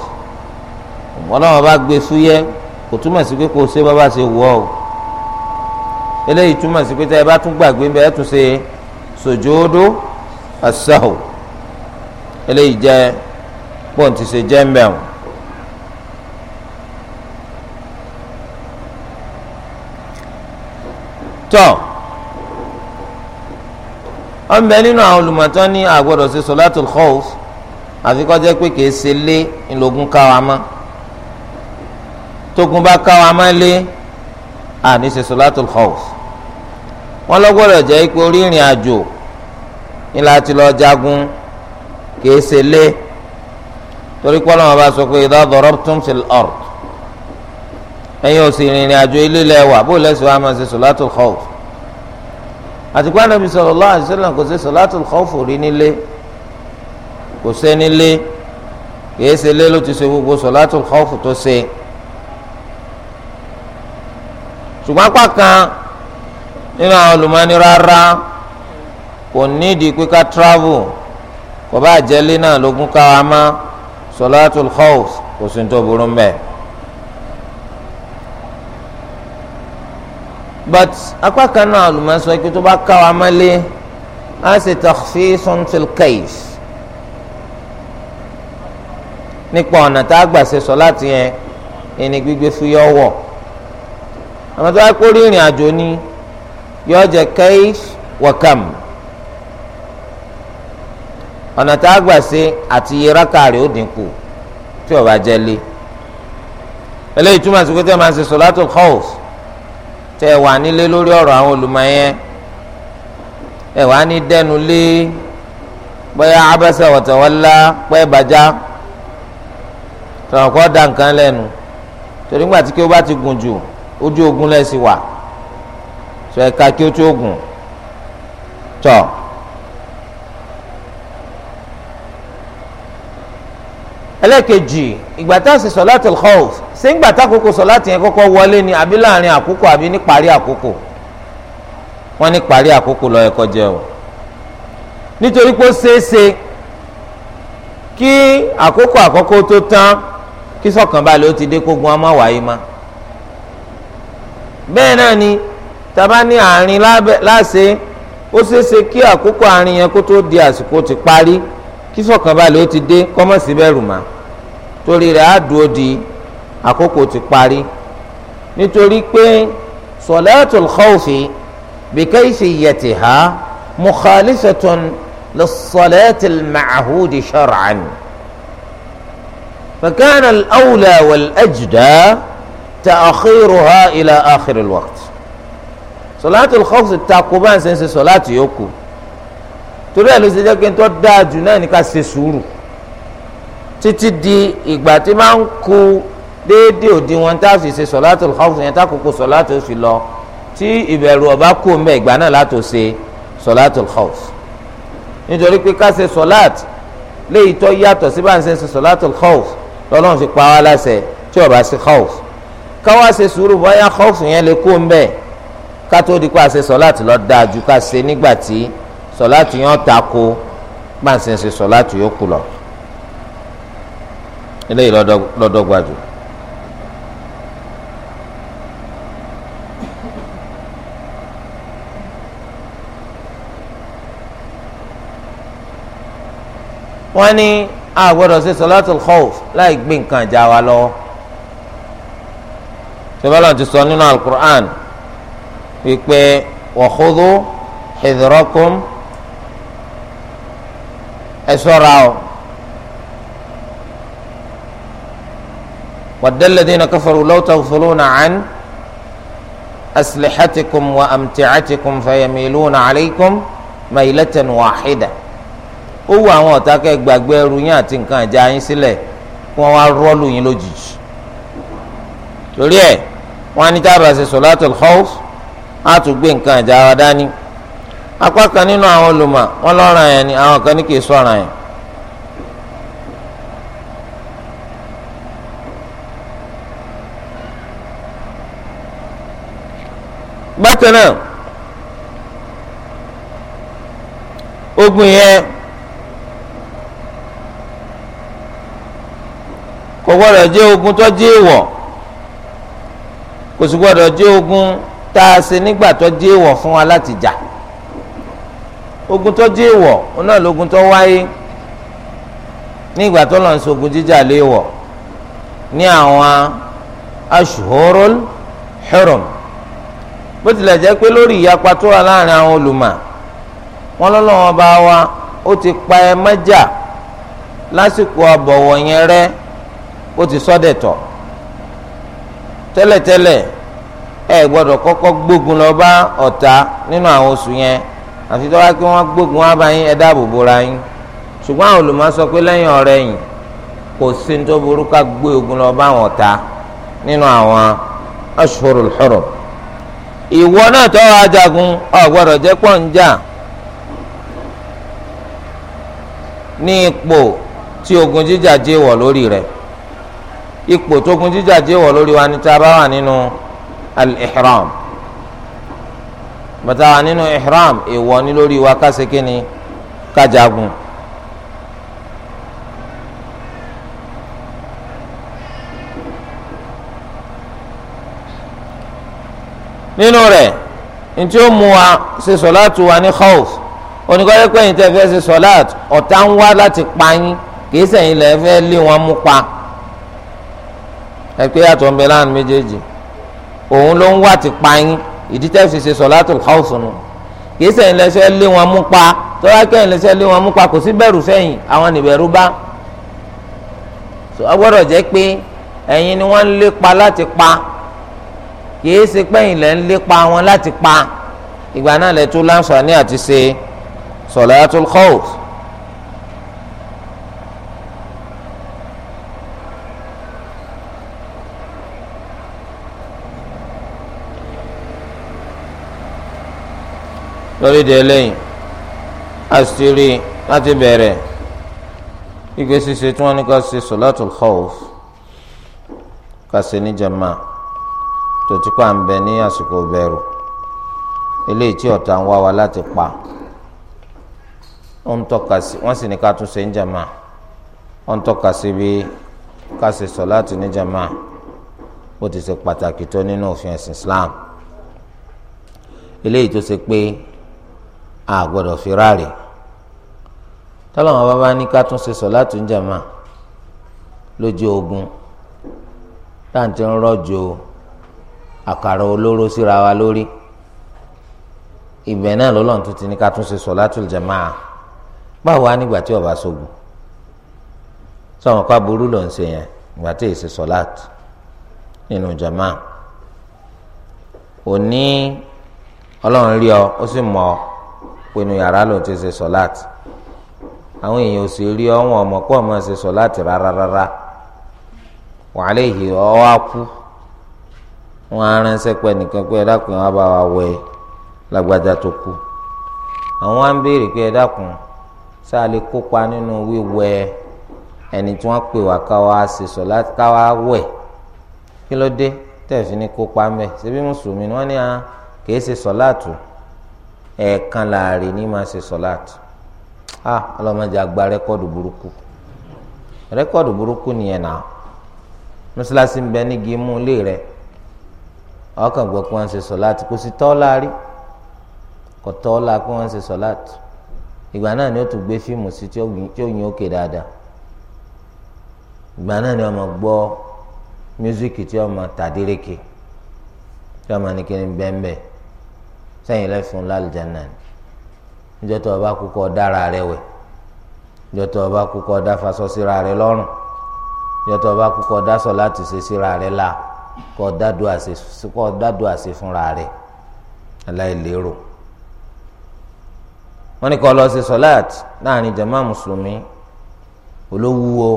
wọn náà bá gbé fúyẹ́ kò túmọ̀ sí pé kò ṣe bá bá ṣe wù ọ́ eléyìí túmọ̀ sí pé tẹ́ ẹ bá tún gbàgbé bẹ́ẹ̀ tún ṣe sòjòódó as eléyìí jẹ́ pọ́ǹtì ṣe jẹ́ mbẹ́wọ̀n. tọ́ ọ̀nbẹ nínú àwọn olùmọ̀tọ́ ní àgbọ̀dọ̀ ṣe solatul khawf àfi kó jẹ́ pé kìí ṣe lé ńlọgún káwa mọ́ tógun bá káwa mọ́ lé àní ṣe solatul khawf wọ́n lọ́gbọ́dọ̀ jẹ́ pé orí ìrìn àjò ńlá ti lọ jagun kìí ṣe lé torí pé ọlọ́run bá sọ pé idha darabtum fil ard ẹ̀yin ò sì rìnrìn àjò ilé lẹ́wà bó lẹ́sìn wa máa ṣe solatul khawf àti pé Ànábì sallallahu alaihi wasallam kò ṣe solatul khawf rí nílé kò ṣe nílé kìí ṣe lé ló ti ṣe gbogbo solatul khawf tó ṣe ṣùgbọ́n apá kan nínú àwọn olùmọ́ni rárá kò nídìí pé ká travel kò bá jẹ́lé náà lógún káwa má sọláàtul khawf kò sí tó burú mbẹ. but apá kan náà olùmọ̀sọ ikú tó bá káwa mọ́lé á sì takhfifun fil kayf nípa ọ̀nà tá a gbà ṣe sọláàtì yẹn ẹni gbígbé fúyọ́ wọ̀ àwọn tó bá kórìí ìrìn àjò ni yọ jẹ kayf wa ọ̀nà tá a gbà ṣe àti iye rákà rẹ̀ ó dínkù tí ó bá jẹ́ lé eléyìí túmọ̀ sí pé tẹ́ máa ń ṣe sọ̀látò kọ́ọ̀f tẹ́ wà nílé lórí ọ̀rọ̀ àwọn olùmọ̀ọ́yẹ́ ẹ̀ wá ní dẹ́nu lé bóyá abẹ́sẹ̀ wọ̀tẹ̀wọ́lá pẹ́ bàjá tọ̀nà kọ́ da nǹkan lẹ́nu torí ńgbà tí kí o bá ti gùn jù ojú ogun lẹ́sìn wà sọ ẹ̀ka kí o tó gùn tọ̀. So, ẹlẹ́ẹ̀kejì ìgbà tá a sì sọ̀láàtì khawf ṣé ńgbà tá àkókò sọ̀láàtì yẹn kọ́kọ́ wọlé ni àbí láàrin àkókò àbí ní parí àkókò wọ́n ní parí àkókò ló yẹ kó jẹ́ o nítorí pé ó ṣeéṣe kí àkókò àkọ́kọ́ tó tán kí sọ̀kànbalẹ̀ ó ti dé kógun ọmọ wáyé má bẹ́ẹ̀ náà ni taba ní àárín láṣẹ ó ṣeéṣe kí àkókò àárín yẹn kó tó di àsìkò ti parí. kí sọ̀kan fọkànbalẹ̀ ó ti dé kọ́mọ̀ kọ́mọ̀sí bẹ̀rù mà torí rẹ̀ á dúró di àkókò ti parí nítorí pé sọ̀lẹ́tùl khawfi bi kayfiyatiha mukhalifatun lis-salati al-ma'hudi shar'an. فكان الأولى والأجدى تأخيرها إلى آخر الوقت صلاة الخوف تاكوبان سنسي صلاة يوكو torí ẹ̀ ló ṣe jẹ́ pé tó dáa jù náà ní ká ṣe sùúrù títí di ìgbà tí máa ń ku déédéé òdiwọ̀n tá a fi ṣe sọ̀láàtò ọ̀fù yẹn tákòókò sọ̀láàtò fi lọ tí ìbẹ̀rù ọba kú mbẹ́ ìgbà náà látò ṣe sọ̀láàtò ọ̀fù nítorí pé ká ṣe sọ̀láàtì léyìí tó yàtọ̀ sí bá ń ṣe ṣe sọ̀láàtò ọ̀fù lọ́lọ́run fi pa wá láṣẹ tí ọba ṣe ọ̀fù káwá ṣe sùúrù bóyá ọ̀fù yẹn lè kú mbẹ́ ká tó di pa ṣe sọ̀láàtì lọ dáa ju ká ṣe nígbà tí sọláàtì yẹn ta ko gbàǹsẹ̀ ṣe sọláàtì yòókù lọ eléyìí lọ́dọ́gba jù. wọ́n ní a gbọ́dọ̀ ṣe sọláàtì khawf láì gbé nǹkan ìjà wa lọ́wọ́ sọlá ti sọ nínú alukur'an wípé wa khudhu ẹ ṣọ́ra o. ود الذين كفروا لو تغفلون عن أسلحتكم وأمتعتكم فيميلون عليكم ميلة واحدة ó wù àwọn ọ̀tá kẹ́ gbàgbé ẹrù yín àti nǹkan ìjà yín sílẹ̀ kí wọ́n wá rọ́ọ̀lù yín lójijì torí ẹ̀ wọ́n á ní tábà ṣe sọ̀látùl khawf á tún gbé nǹkan ìjà wa dání apá kan nínú àwọn olùmọ̀ wọn lọ́ràn yẹn ni àwọn kan ní kì í sọ̀ràn yẹn. ogun yẹn kò gbọdọ̀ ogun tó jẹ́ èèwọ̀ kò ogun tá a ṣe nígbà tó fún wa láti jà. ogun tó dé ìwọ̀ òun lógun tó wáyé ní ìgbà tó lọ́n so ogun jíjà lé wọ̀ ní àwọn ashhurul hurum bó tilẹ̀ jẹ́ pé lórí ìyapa tó wà láàrin àwọn olùmọ̀ wọn lọ́lọ́wọ́n bá wa ó ti pa ẹ mẹ́jà lásìkò ọ̀bọ̀wọ̀ yẹn rẹ́ ó ti sọ́dẹ̀tọ̀ tẹ́lẹ̀tẹ́lẹ̀ ẹ gbọ́dọ̀ kọ́kọ́ gbógun lọ bá ọ̀tá nínú àwọn oṣù àfi tó wá pé wọ́n gbógun wá báyìí ẹ dáàbò bora yín ṣùgbọ́n àwọn olùmọ̀ sọ pé lẹ́yìn ọ̀rẹ́ yìí kò sí ní tó burú ká gbé ogun lọ bá wọn ta nínú àwọn ashhurul hurum ìwọ náà tó wàá jagun ò gbọ́dọ̀ jẹ́ ń jà ní ipò tí ogun jíjà jẹ́ wọ̀ lórí rẹ̀ ipò tó ogun jíjà jẹ́ wọ̀ lórí wa ni tá a bá wà nínú al bàtà nínú ihram ìwọ ni lórí wa kásìkí ni kájagun. nínú rẹ̀ ntí ó mú wa ṣe sọláàtù wa ní khawf oníkọ́yẹ́ pé yìí tẹ́ fẹ́ ṣe sọláàtù ọ̀tá ń wá láti pa yín kì í sẹ̀yìn lẹ́ fẹ́ lé wọn mú pa ẹ pé yàtọ̀ ń bẹ láàrin méjèèjì òun ló ń wá ti pa ìdí tẹ́ fi ṣe sọ̀látùl khawf nù kìí sẹ́yìn lẹ́sẹ̀ lé wọn mú pa tọ́lá kẹ́yìn lẹ́sẹ̀ lé wọn mú pa kò sí bẹ̀rù sẹ́yìn àwọn nìbẹ̀rù bá ọgbọ́dọ̀ jẹ́ pé ẹ̀yin ni wọ́n ń lépa láti pa kìí ṣe pẹ́yìn lẹ́ ń lépa wọn láti pa ìgbà náà lẹ́ tó láǹfààní àti ṣe sọ̀látùl khawf lórí de eléyìí àṣírí láti bẹ̀rẹ̀ igbe ṣíṣe tí wọ́n ní ká ṣe solatul khawf ká ṣe ní jama tó ti kó à ń bẹ ní àsìkò bẹ̀rù eléyìí tí ọ̀tá ń wá wa láti pa ó ń tọ́ka sí wọ́n sì ní ká tún ṣe ń jama ó ń tọ́ka sí bí ká ṣe solatu ní jama bó ti ṣe pàtàkì tó nínú òfin ẹ̀sìn Islam eléyìí tó ṣe pé a gbọ́dọ̀ fi ráàlì tọ́lọ́mọ bàbá ní ká tún ṣe sọ̀láàtù jàmá lójú ogun táǹtí ń rọ̀jò àkàrà olóró síra wa lórí ìbẹ̀ náà lọ́lọ́run tún ti ní ká tún ṣe sọ̀láàtù jàmá báwo á nígbà tí ọba sógun sọ̀rọ̀ ká burú ló ń ṣe yẹn ìgbà tí èsì sọ̀láàtù nínú jàmá òní ọlọ́run rí ọ ó sì mọ̀ ọ́ pinnu yàrá ló ń ti ṣe sọláàtì àwọn èèyàn ò sì rí ọ̀wọ́n ọmọ pọ̀ mọ́ ṣe sọláàtì rárá rárá wàhálà èyí ọwọ́ á kú wọn á ránṣẹ́ pẹ́ nìkan pé ẹ dákun wọn bá wa wẹ lágbájá tó kú àwọn á ń béèrè pé ẹ sáà lè kópa nínú wíwẹ ẹni tí wọ́n pè wá ká ṣe sọláàtì ká wá kí ló dé tẹ̀sí ní kópa mẹ́ ṣebí mùsùlùmí wọn ni à ah, kìí ṣe sọláàtù. ẹ̀ẹ̀kan láàrin ní máa ṣe sọ̀láàtì ah, a ọlọ́mọdé àgbà rẹ́kọ̀dù burúkú rẹ́kọ̀dù burúkú nìyẹn náà mọ́ṣáláṣí ń bẹ nígi mú ilé rẹ ọkàn gbọ́ pé wọ́n ṣe sọ̀láàtì kò sì tọ́ láàrin kò tọ́ la pé wọ́n ṣe ìgbà náà ni ó tún gbé fíìmù sí tí ó yin dáadáa ìgbà náà sẹ́yìn lẹ́fun lálùjáná ni níjọ́ tó o bá kúkọ́ dára rẹ wẹ̀ níjọ́ tó o bá kúkọ́ dá fasọ síra rẹ lọ́rùn níjọ́ tó o bá kúkọ́ dá sọ láti ṣe síra rẹ la kọ́ dádùn àṣẹ fúnra rẹ aláìlérò wọ́n ní kó lọ sí sọ́láàt láàrin jama mùsùlùmí olówúwo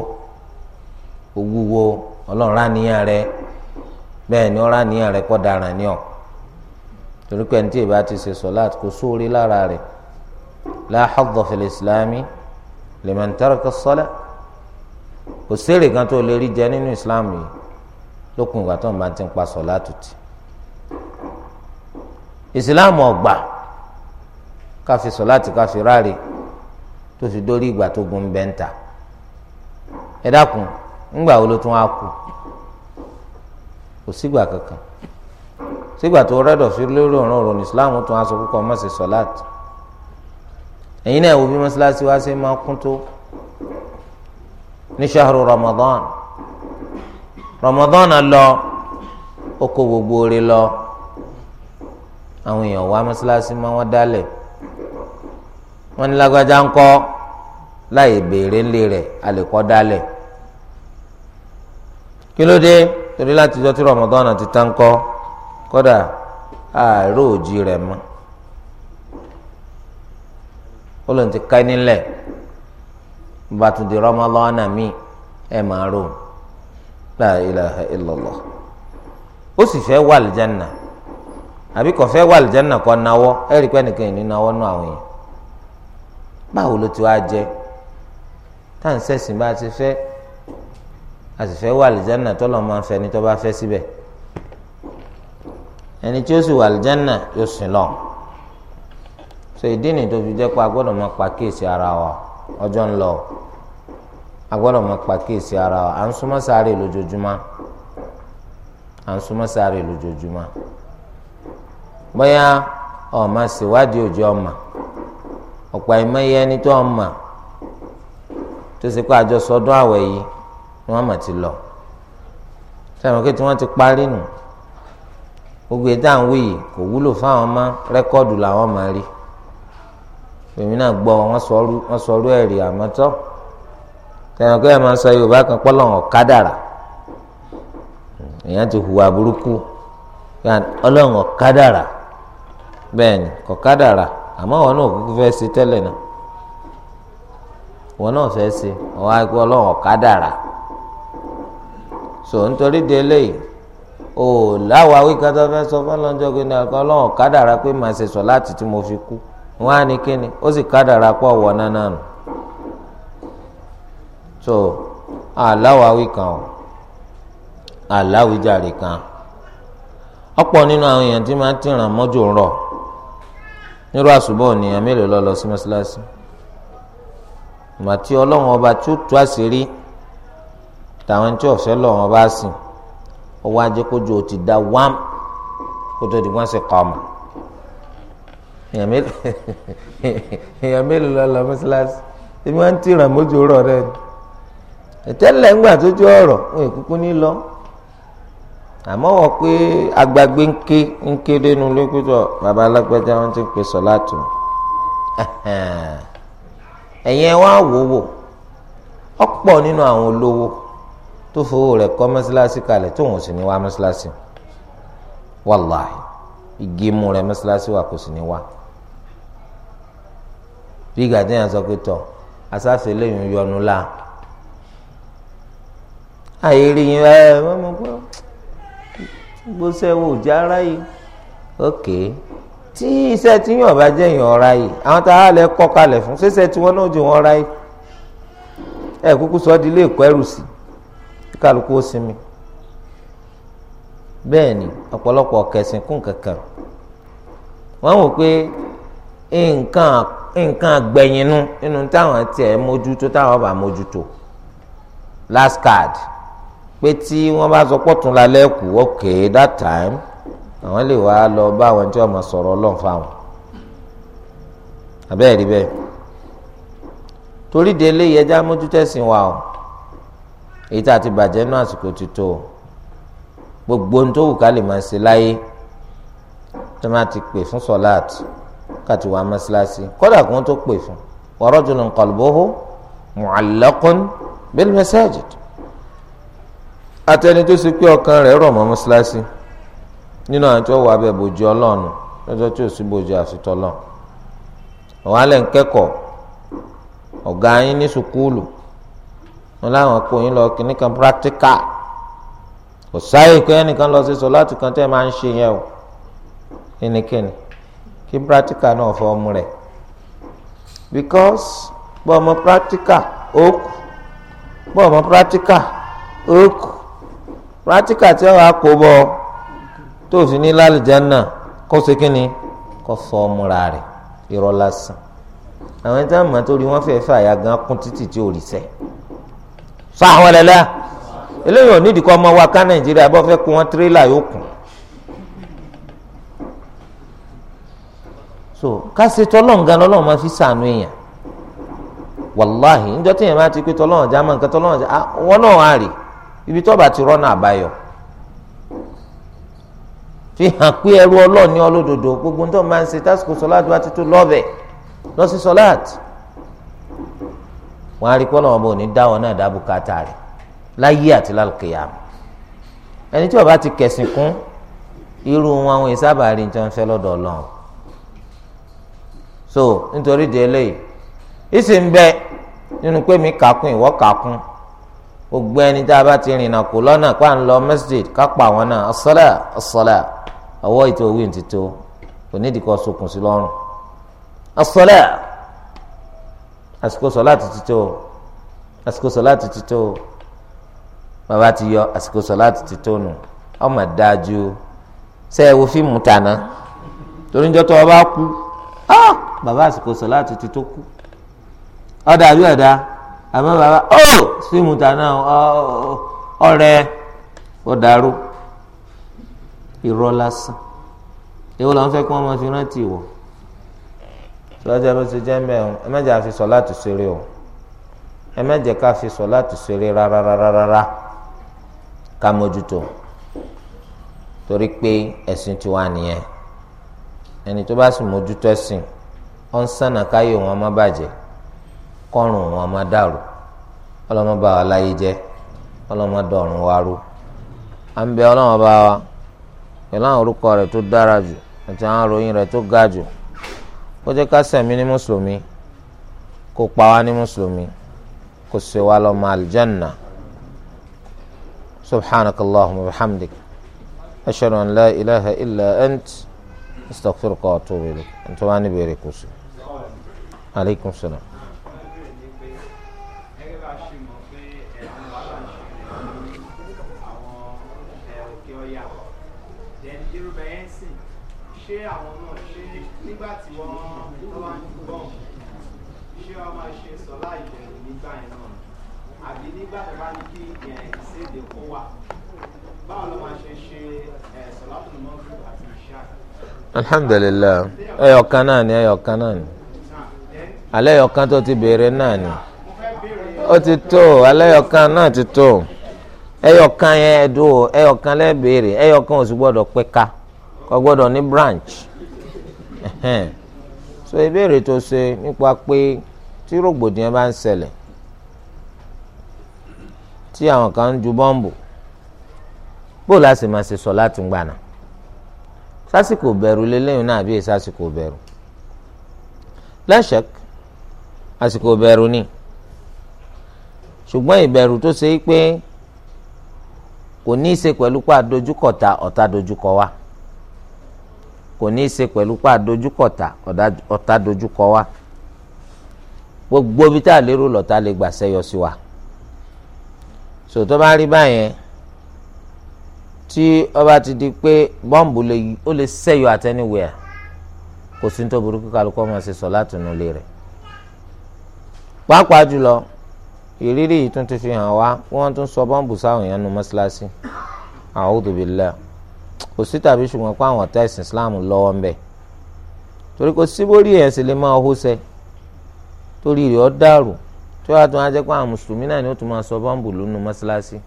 owúwo ọlọ́run ráníyàn rẹ bẹ́ẹ̀ ni ó ráníyàn rẹ kọ́ dára ní ọ̀ torí pé ẹni tí ìbá ti ṣe sọláàtì kò sóore lára rẹ̀ la hadda fil islami liman taraka as-salat kò sèrè kan tó lè rí jẹ nínú islam yìí lókun ìgbà tó ń bá ti ń pa sọláàtì tì islam ọgbà káfi sọláàtì káfi ráre tó fi dórí ìgbà tó gun bẹ́ńtà ẹ dákun ńgbà wo ló tún á kù kò sígbà kankan sígbà tó rẹ́dọ̀ sí lórí lori òrùn islam tún aṣọ púpọ̀ má ṣe sọ̀láàt ẹ̀yin náà wo bí mọ́ṣáláṣí wá máa kún tó ní ramadan ramadan lọ ó gbogbo oore lọ àwọn èèyàn wá mọ́ṣáláṣí máa wọ́n dálẹ̀ wọ́n ní lágbájá ń kọ́ láì béèrè ńlẹ̀ rẹ̀ a lè dálẹ̀ kí ló dé torí láti jọ tí ramadan ti kódà àárò òjì rẹ̀ ó lóun ti ká batu di rọmọlọ́nà mi ẹ̀ máa rò la ilaha illallah ó sì fẹ́ wà lìjánà àbí kò fẹ́ wà lìjánà kọ́ náwọ́ ẹ̀rí pé nìkan ìní náwọ́ nù àwọn báwo ló ti wá a ti fẹ́ a sì fẹ́ wà lìjánà tọ́lọ́ ni tó bá ẹni tí ó sì wà àlìjánà yóò sìn lọ so ìdí ni tó fi jẹ́ pé a gbọ́dọ̀ máa pa kíyèsí ara wa ọjọ́ ń lọ a gbọ́dọ̀ máa pa kíyèsí ara wa à ń súnmọ́ sáré lójoojúmọ́ à ń súnmọ́ sáré lójoojúmọ́ bóyá ọ̀ma ṣèwádìí òjò ọ̀ma ọ̀pọ̀ àìmọye ẹni tó ọ̀ma tó ṣe pé àjọsọdún àwẹ̀ yìí ni wọ́n mọ̀ ti lọ sẹ́wọ̀n kí tí wọ́n ti parí nù. No gbogbo ètò nwee yìí kò wúlò fáwọn ọmọ rẹ́kọ́ọ̀dù làwọn máa rí èmi náà gbọ́ wọ́n sọrú ẹ̀rí àmọ́tọ́ tẹ̀wọ̀n kọ́ máa sọ Yorùbá kan pọ́lọ̀ hàn kádàrà èèyàn ti hùwà burúkú ni wọn náà kúkú fẹ́ ṣe wọn náà àìkú so nítorí de eléyìí o láwa wíkà tó fẹ́ sọ fọlọ́njọ́ pé ní ọkọ ọlọ́run kádàrá pé màá ṣe sọ láti tí mo fi kú wọn á ní kíni ó sì kádàrá pọ̀ wọ nánà nù so àláwa wíkà o kan ọ̀pọ̀ nínú àwọn èèyàn tí máa ń tìràn nírú ènìyàn mélòó lọ lọ sí màtí ọba tí ó àṣírí tàwọn tí bá sìn ọwọ́ ajé o ti da wám kó tó di wọ́n sì kọ́ èèyàn mélòó (laughs) lọ lọ mọ́sálásí èmi wọ́n ti ràn mójú rọ̀ rẹ̀ tẹ́lẹ̀ ńgbà tó jẹ́ ọ̀rọ̀ wọn èkúkú ní lọ àmọ́ wọ́n pé agbagbe ń ké ń ké dénú bàbá alágbájá wọn ti (laughs) tó fowó rẹ̀ kọ́ mọ́sálásí kalẹ̀ tó wọn sì ní wá mọ́sálásí wàláhì igi mú rẹ̀ mọ́sálásí wà kò sì ní wá bí gàdéyàn sọ pé tọ asáfẹ lẹ́yìn yọnu la àyè rí yín ẹ mọmọ gbọ gbọsẹ wò já ráyè ok tí iṣẹ́ tí yín ọba jẹ yín ọra yìí àwọn tá a lè kọ kalẹ̀ fún ṣẹṣẹ tí wọn náà jẹ wọn ọra yìí ẹ kúkú sọ di ilé ìkọ́ ẹrù sí i kálukú ó sinmi bẹ́ẹ̀ ni ọ̀pọ̀lọpọ̀ kẹsìn kún kankan wọ́n wò pé nǹkan nǹkan gbẹ̀yìnú nínú táwọn tiẹ̀ mójútó táwọn bá mójútó last card pé tí wọ́n bá sọ pọ̀tún lálẹ́ kù ok that time àwọn lè wá lọ bá àwọn tí wọ́n máa sọ̀rọ̀ ọlọ́run fáwọn àbẹ́ẹ̀ rí bẹ́ẹ̀ torí de eléyìí ẹja mójútẹ́sìn wa o èyí tá a ti bàjẹ́ nú àsìkò ti tó o gbogbo ohun tó wù ká lè máa ṣe láyé tó máa ti pè fún sọláàt káti wàá mọ́ṣáláṣí kódà kó tó pè fún wa rajulun qalbuhu mu'allaqun bil masajid àtẹni tó ṣe pé ọkàn rẹ̀ rọ̀ mọ́ mọ́ṣáláṣí nínú àwọn tó wà bẹ́ẹ̀ bójú ọlọ́run lọ́jọ́ tí ò sí bójú àfitọ́lọ́ ọ̀hálẹ̀ ń kẹ́kọ̀ọ́ ọ̀gá yín ní sùkúlù wọn láwọn kó yín lọ kíní kan practical kò sáyé pé ẹnìkan lọ sí sọláàtì kan tẹ́ máa ń ṣe yẹn o kíníkíní kí practical náà fọ ọmú rẹ̀ because bọ́ ọmọ practical ó kù bọ́ ọmọ practical ó kù practical tí wàá kó bọ́ tó fi ní lálùjáná kó ṣe kíni kó fọ ọmú ra rẹ̀ irọ́ lásán àwọn ẹni tí wọ́n mọ̀ tó rí wọ́n fẹ́ẹ́ fẹ́ àyà gan kún títì tí ò rí sẹ́ẹ̀. sáwọn ẹlẹ́lẹ́ eléyìí ò ọmọ wa ká nàìjíríà kún wọn tírélà yóò kún. so kásì tọ́lọ́n gan lọ́lọ́run máa fi sànú èèyàn wàláhì níjọ́ tí èèyàn máa ti pé tọ́lọ́run ma máa nǹkan tọ́lọ́run já ah, wọn náà wá ibi tọ́ba ti rọ́nà àbáyọ fi hàn pé ẹrú gbogbo máa ń ṣe tásìkò sọláàtì wá sọláàtì. wọn á rí kọ́nà ọba òní dáwọ́ náà dá bùkátà rẹ̀ láyé àti lálùkìyà ẹni tí ọba ti kẹ̀sìn kún irú wọn àwọn ìsábà rí nǹkan fẹ lọ́dọ̀ ọlọ́run so nítorí di eléyìí ìsì ń bẹ nínú pé mi kàkún ìwọ kàkún gbogbo ẹni tá a bá ti rìnnà kó lọ́nà pa ń lọ masjid kápá àwọn náà as-sala as-sala ọwọ́ ìtòwí ń kò nídìí kọ́ sokùn sí lọ́rùn as àsìkò sọlá ti ti tó o àsìkò sọlá ti ti tó o bàbá ti yọ àsìkò sọlá ti ti tó nù ọmọ dájú ṣe é wo fíìmù tàná torí ń tó o bá kú bàbá àsìkò sọlá ti ti tó kú ọ̀dà àbí ọ̀dà àmọ́ bàbá ó fíìmù tàná ọ̀rẹ́ ó dàrú irọ́ lásán èwo làwọn fẹ́ kí wọ́n máa fi rántí wọ̀ lọ́jọ́ bó ṣe jẹ́ mẹ́rin ẹ àfi sọ láti ṣeré o ẹ ka fi sọ láti ṣeré rárárárá ká mójútó torí pé ẹ̀sìn tiwa nìyẹn ẹni tó bá sì mójútó ọ ń sànà káyọ̀ wọn má bàjẹ́ kọ́rùn wọn má dàrú ọlọ́mọ bá wa láyé jẹ́ ọlọ́mọ dọ̀rùn wa rú à ń bẹ ọlọ́mọ bá wa pẹ̀lú àwọn orúkọ rẹ̀ tó dára jù àti àwọn àròyìn ga jù. kó jẹ́ ká ṣẹ̀mí ní mùsùlùmí kó pa wá ní mùsùlùmí kó ṣe wá lọ́mọ àlùjánnà subhanakallahumma wa hamdik ashhadu an la ilaha illa ant astaghfiruka wa atubu ilayk ntoma ni bèrè kùsù aleykum salaam. alhamdulilayi ẹyọkan náà ni ẹyọkan náà ni alẹ́ ẹyọkan tó ti béèrè náà ni ó ti tó alẹyọkan ẹyọkan náà ti tó ẹyọkan yẹn ẹdùn o ẹyọkan lẹ́ béèrè ẹyọkan ò sì gbọdọ pẹ́ka kò gbọdọ ní branch so ìbéèrè tó ṣe nípa pé tí rògbòdìyàn bá ń ṣẹlẹ̀ tí àwọn kan ń ju bọ́ǹbù bó láti máa ṣe sọ láti ń gbà náà. sásìkò bẹ̀rù lélẹ́yìn náà àbí sásìkò bẹ̀rù lẹ́sẹ̀k àsìkò bẹ̀rù ni ṣùgbọ́n ìbẹ̀rù tó ṣe pé kò ní pẹ̀lú pa dojúkọ̀tà ọ̀tá dojúkọ wa kò ní pẹ̀lú pa dojúkọ̀tà wa gbogbo tá a lérò lọ́tà lè gbà tí ọba ti di pé bọ́ǹbù lè ó lè sẹ́yọ at anywhere kò sí tó burúkú kálukú ọmọ ṣe sọ láti inú ilé rẹ̀ pàápàá jùlọ ìrírí yìí tún ti fi hàn wá wọ́n tún sọ bọ́ǹbù sáwọn èèyàn nu mọ́ṣáláṣí a'udhu billah kò sí tàbí ṣùgbọ́n pé àwọn ọ̀tá ẹ̀sìn islam lọ́wọ́ ń bẹ̀ torí kò sí bórí ẹ̀ sì lè máa hó sẹ́ torí rẹ̀ ọ́ dàrú tí wọ́n tún á pé àwọn mùsùlùmí náà ni ó tún máa sọ bọ́ǹbù lónú mọ́ṣáláṣí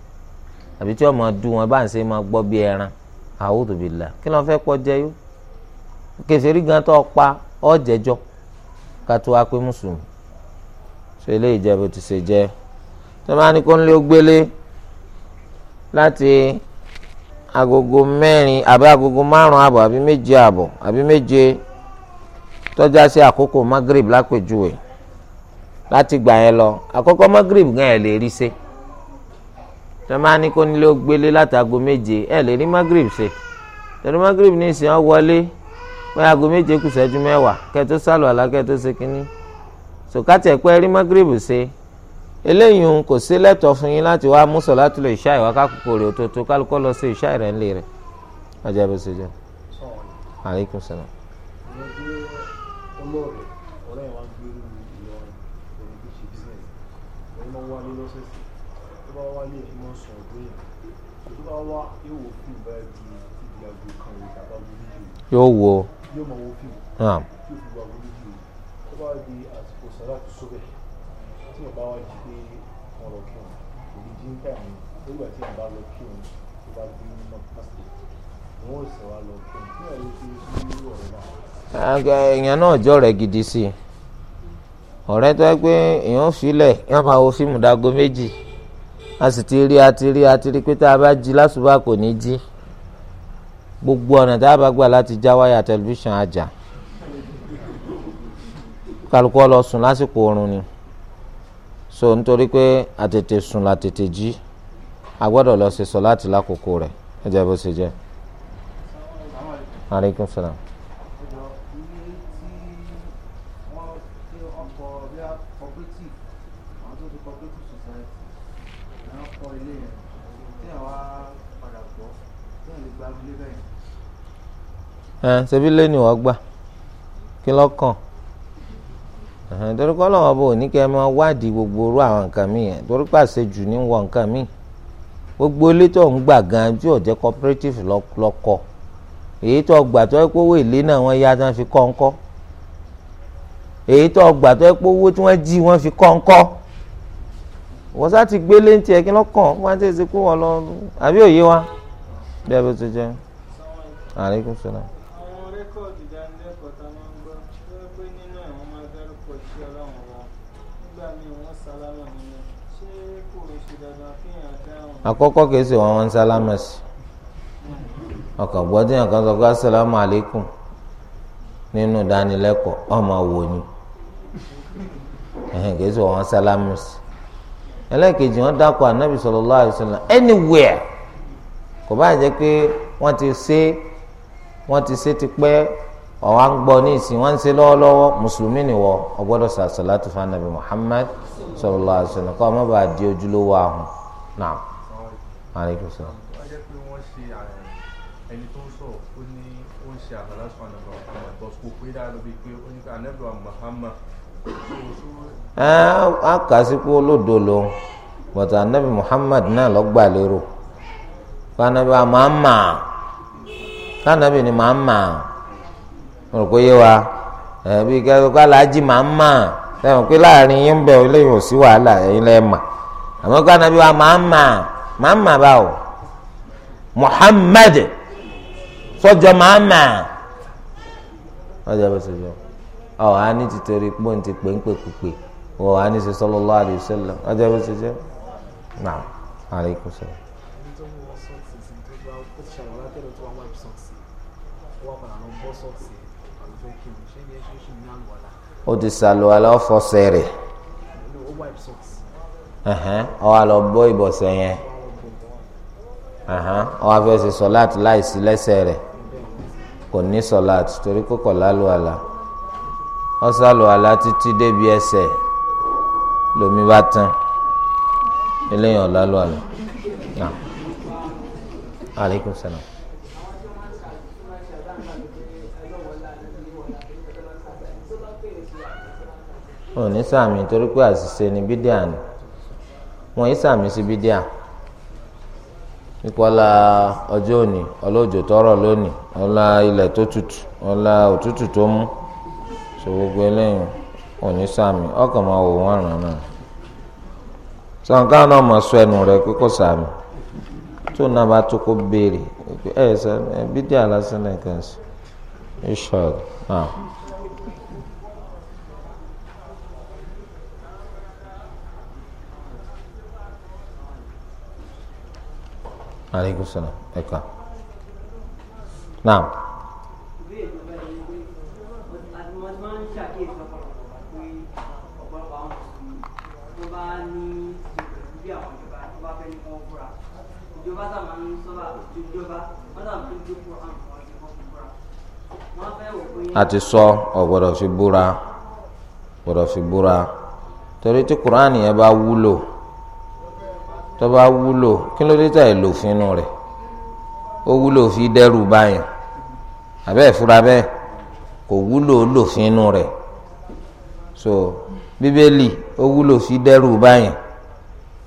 àbí tí ọmọ dùn wọn bá ń ṣe máa gbọ́ bí ẹran àwòrán bìlà kí ló ń fẹ́ pọ́ jẹ́ yó kèfèrí gan tó pa ọ́ jẹ́jọ́ ká tó mùsùlùmí ṣe ilé ìjẹ́bù ti ṣe jẹ́ tó máa ń lé gbélé láti agogo mẹ́rin àbí agogo márùn-ún àbọ̀ àbí méje àbọ̀ àbí méje tọ́já sí àkókò magrib lápèjúwe láti gbà yẹn lọ àkọ́kọ́ magrib gan ẹ̀ lè rí ṣe tẹ́lẹ̀ ní kó nílé ó gbélé látago méje ẹ̀ lè rí magrib ṣe tẹ̀lé magrib ní ìsìn ọ̀wọ́lé pé aago méje kù ṣẹ́jú mẹ́wàá kẹ́tó sálọ àlá kẹ́tó ṣe kínní sòkátì ẹ̀pẹ́ rí magrib ṣe eléyìí kò sí lẹ́tọ̀ fún yín láti wá mú sọ̀látùl ìṣá ìwá kákòkò rẹ̀ òtòtò kálukọ́ lọ sí ìṣá rẹ̀ ńlẹ̀ rẹ̀ ọjà bó ṣe jẹ́ alaikum salaam. yóò wo naam èèyàn náà jọ rẹ gidi sí i ọ̀rẹ́ tó ẹ pé èèyàn filẹ̀ yẹn máa wo fíìmù dago méjì a sì ti rí a ti rí a ti rí pé tá a bá jí lásùbà kò ní jí gbogbo ọ̀nà tá a bá gbà láti já wáyà tẹlifíṣàn àjà kálukú lọ sùn lásìkò oorun ni so nítorí pé àtètè sùn látètè jí a gbọ́dọ̀ lọ ṣe sọ láti lákòókò rẹ̀ ẹ jẹ́ bó ṣe jẹ́. aleykum salaam. kọ́ ilé yẹn téèyàn wá padà kọ́ téèyàn lè gba ilé bẹ́ẹ̀. ẹ ṣebí lé ni wọ́n gbà kí lọ́kàn torí kọ́ lọ́wọ́ bò ní kí ẹ máa wádìí gbogbo orú àwọn nǹkan mi yẹn torí pàṣẹ jù ní wọ nǹkan mi gbogbo ilé tó ń gbà gan tí ò cooperative lọ́kọ̀ èyí tó gbà tó ẹ kówó ilé náà wọ́n yá tán fi kọ́ èyí tó gbà tó ẹ kówó tí wọ́n jí wọ́n fi kọ́ wọ́n sá ti gbélé ń tiẹ̀ kí lọ́kàn wọ́n á ti ṣe kó wọ́n lọ àbí òye wa bí abẹ́ tó jẹ́ alaikum salaam. àwọn rẹ́kọ̀dì ìdánilẹ́kọ̀ọ́ tá a máa ń gbọ́ lọ́wọ́ pé nínú ẹ̀ wọ́n máa dárúkọ iṣẹ́ ọlọ́run wa nígbà wọn wọn ń sálámà sí ọkọ̀ kan sọ pé asalaamu alaikum nínú ìdánilẹ́kọ̀ọ́ ọmọ wò ni kìí wọn sálámà ẹlẹ́ẹ̀kejì wọn dákọ̀ anabi sallallahu alaihi wasallam anywhere kò bá jẹ́ pé wọ́n ti ṣe wọ́n ti ṣe ti pẹ́ ọ̀wá ń gbọ́ ní ìsìn wọ́n ń ṣe lọ́wọ́lọ́wọ́ mùsùlùmí ni wọ́ ọgbọ́dọ̀ sàṣàlátù fún anabi muhammad sallallahu alaihi wasallam kọ́ ọ má bàa di ojúlówó ahùn náà aleykum salaam. ẹni tó ń sọ̀rọ̀ ó ní ó ń ṣe á kà á sí pé olódo lo bàtà anabi muhammad náà lọ gbà lérò kanabi máa ń mà kanabi ni máa ń mà mo rò pé yé wa bí kẹ́kọ́ aláàjì máa ń mà sẹ́wọ̀n pé láàrin yín bẹ̀ ọ́ lẹ́yìn òsì wàhálà ẹ̀yin lẹ́ẹ̀ mà àmọ́ kanabi wa máa ń mà máa ń mà báwo muhammad sọ́jọ́ máa ń mà ọjà bó ṣe jọ ọ̀ á ní títorí pé ń pè ń pè wọ anise sallallahu alayhi wa sallam ọjọ bó ṣe jẹ naam o ti sàlùwàlà ọfọsẹ rẹ ọ wà lọ bọ́ ìbọ̀sẹ̀ yẹn ọ wà fẹsẹ̀ sọláàtì láìsí lẹ́sẹ̀ rẹ̀ kò torí kò ọ títí débi lomi bá tán eléyìí ọ̀la ló àlọ́ nà aleykum salaam. wọn ò ní sàmì torí pé àṣìṣe ni bídíà ni wọn yìí sàmì sí bídíà nípọ́lá ọjọ́ òní ọlọ́jọ́ tọrọ lónìí ọlá ilẹ̀ tó tutù ọlá òtútù tó mú ṣòwò gbẹlẹ́yìn. So, òní sami ọkàn máa wò wọn ràn náà sànká náà máa sọ ẹnu rẹ pé kò sàmì tó náà bá tó kó béèrè ẹ ẹ sàmì ẹ náà kàn sí náà. a ti sọ ọ gbọ́dọ̀ fi búra gbọ́dọ̀ fi búra torí tí kuraani yẹn bá wúlò tó bá wúlò kí ló dé tà ẹ lò fínú rẹ̀ ó wúlò fi dẹ́rù báyìí abẹ́ ìfura bẹ́ẹ̀ kò wúlò lò fínú rẹ̀ so bíbélì ó wúlò fi dẹ́rù báyìí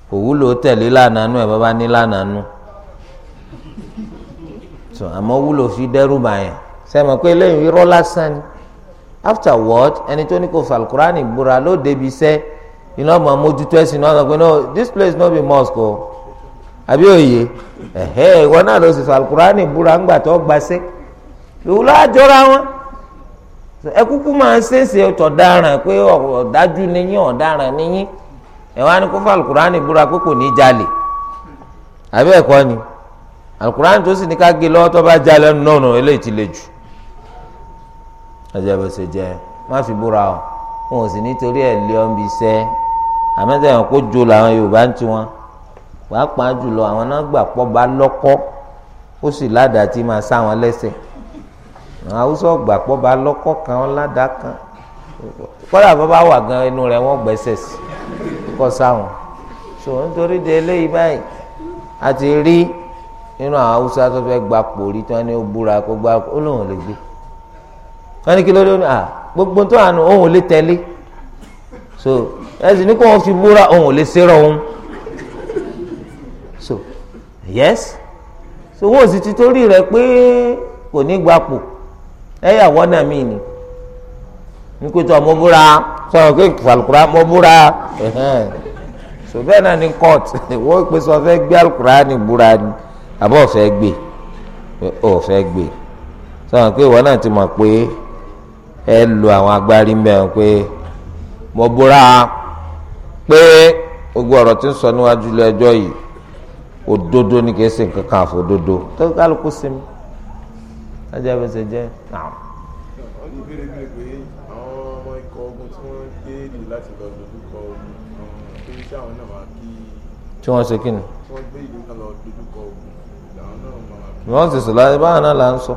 kò wúlò tẹ̀lé lánàánú ẹ̀ bá bá ní lánàánú. so àmọ́ wúlò fi dẹ́rù bàyàn sẹ́mi pé lẹ́yìn irọ́ lásán ni afterward ẹni tó ní kò fà alukurani búra ló débi sẹ́ iná mójútó no this place no be mosque o àbí òye ẹ̀hẹ́ ìwọ náà ló sì fà alukurani búra ńgbà tó gbaṣẹ́ ìwúlò àjọra wọn máa ń ọ̀daràn pé ọ̀dájú ọ̀daràn alukur'an tó sì ní ká gé lọ́wọ́ tó bá já lẹ́nu náà nù eléyìí ti le jù ọjọ́ ìbọ̀sẹ̀ jẹ́ má fi búra o wọn ò sì nítorí ẹ̀ lé ọ́n bí sẹ́ àmẹ́tẹ̀yàn kó jo làwọn yorùbá ń tiwọn pàápàá jùlọ àwọn náà gbà pọ́ bá lọ́kọ́ ó sì ládàá tí máa sá wọn lẹ́sẹ̀ àwọn haúsọ̀ gbà pọ́ bá lọ́kọ́ kan wọn ládàá kan kọ́dà bọ́ bá wà gan inú rẹ̀ wọ́n gbẹ́sẹ̀ sí kọ́ sáwọn so nítorí de eléyìí báyìí àti rí nínú àwọn haúsá tó fẹ́ gba pòrí tí wọ́n ní búra kó gba ó lóun lè gbé wọ́n ní kí ló dé ó ní à gbogbo tó àánú òun lè tẹ̀lé so ẹ̀sìn ní kó wọ́n fi búra òun lè ṣèrọ òun so yes so wọ́n sì ti torí rẹ̀ pé kò ní gba pò ẹ̀yà wọ́nà mí ni nípìtọ́ mo búra sọ̀rọ̀ pé falùkùrá mo búra so bẹ́ẹ̀ náà ní court (laughs) wọ́n pèsè ọ̀fẹ́ gbé alùkùrá ní búra ni àbọ̀ ọ̀fẹ́ gbé ọ̀fẹ́ gbé sọ̀rọ̀ pé ìwọ náà ti mọ̀ pé ẹ lo àwọn agbárí ń bẹ̀rù pé mo búra pé gbogbo ọ̀rọ̀ tí ń sọ níwájú ilé ẹjọ́ yìí òdodo ni kìí ṣe nǹkan kan àfòdodo tó kálukú sí mi ajá bẹ ṣe jẹ tí wọ́n ṣe kí ni. wọ́n sì sọ láti báwọn náà là ń sọ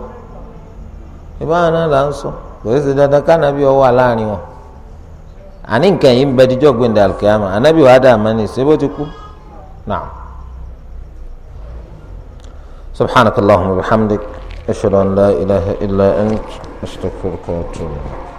ìbáwọn náà là ń sọ kò sí dandan kánábì ọwọ́ aláàrin wọn àní nǹkan yìí ń bẹ díjọ́ gbẹ̀ndẹ̀ àlùkìyàmà ànábì wàá dà mọ́ni ṣé ti kú náà. سبحانك اللهم وبحمدك أشهد أن لا إله إلا أنت استغفرك واتوب إليك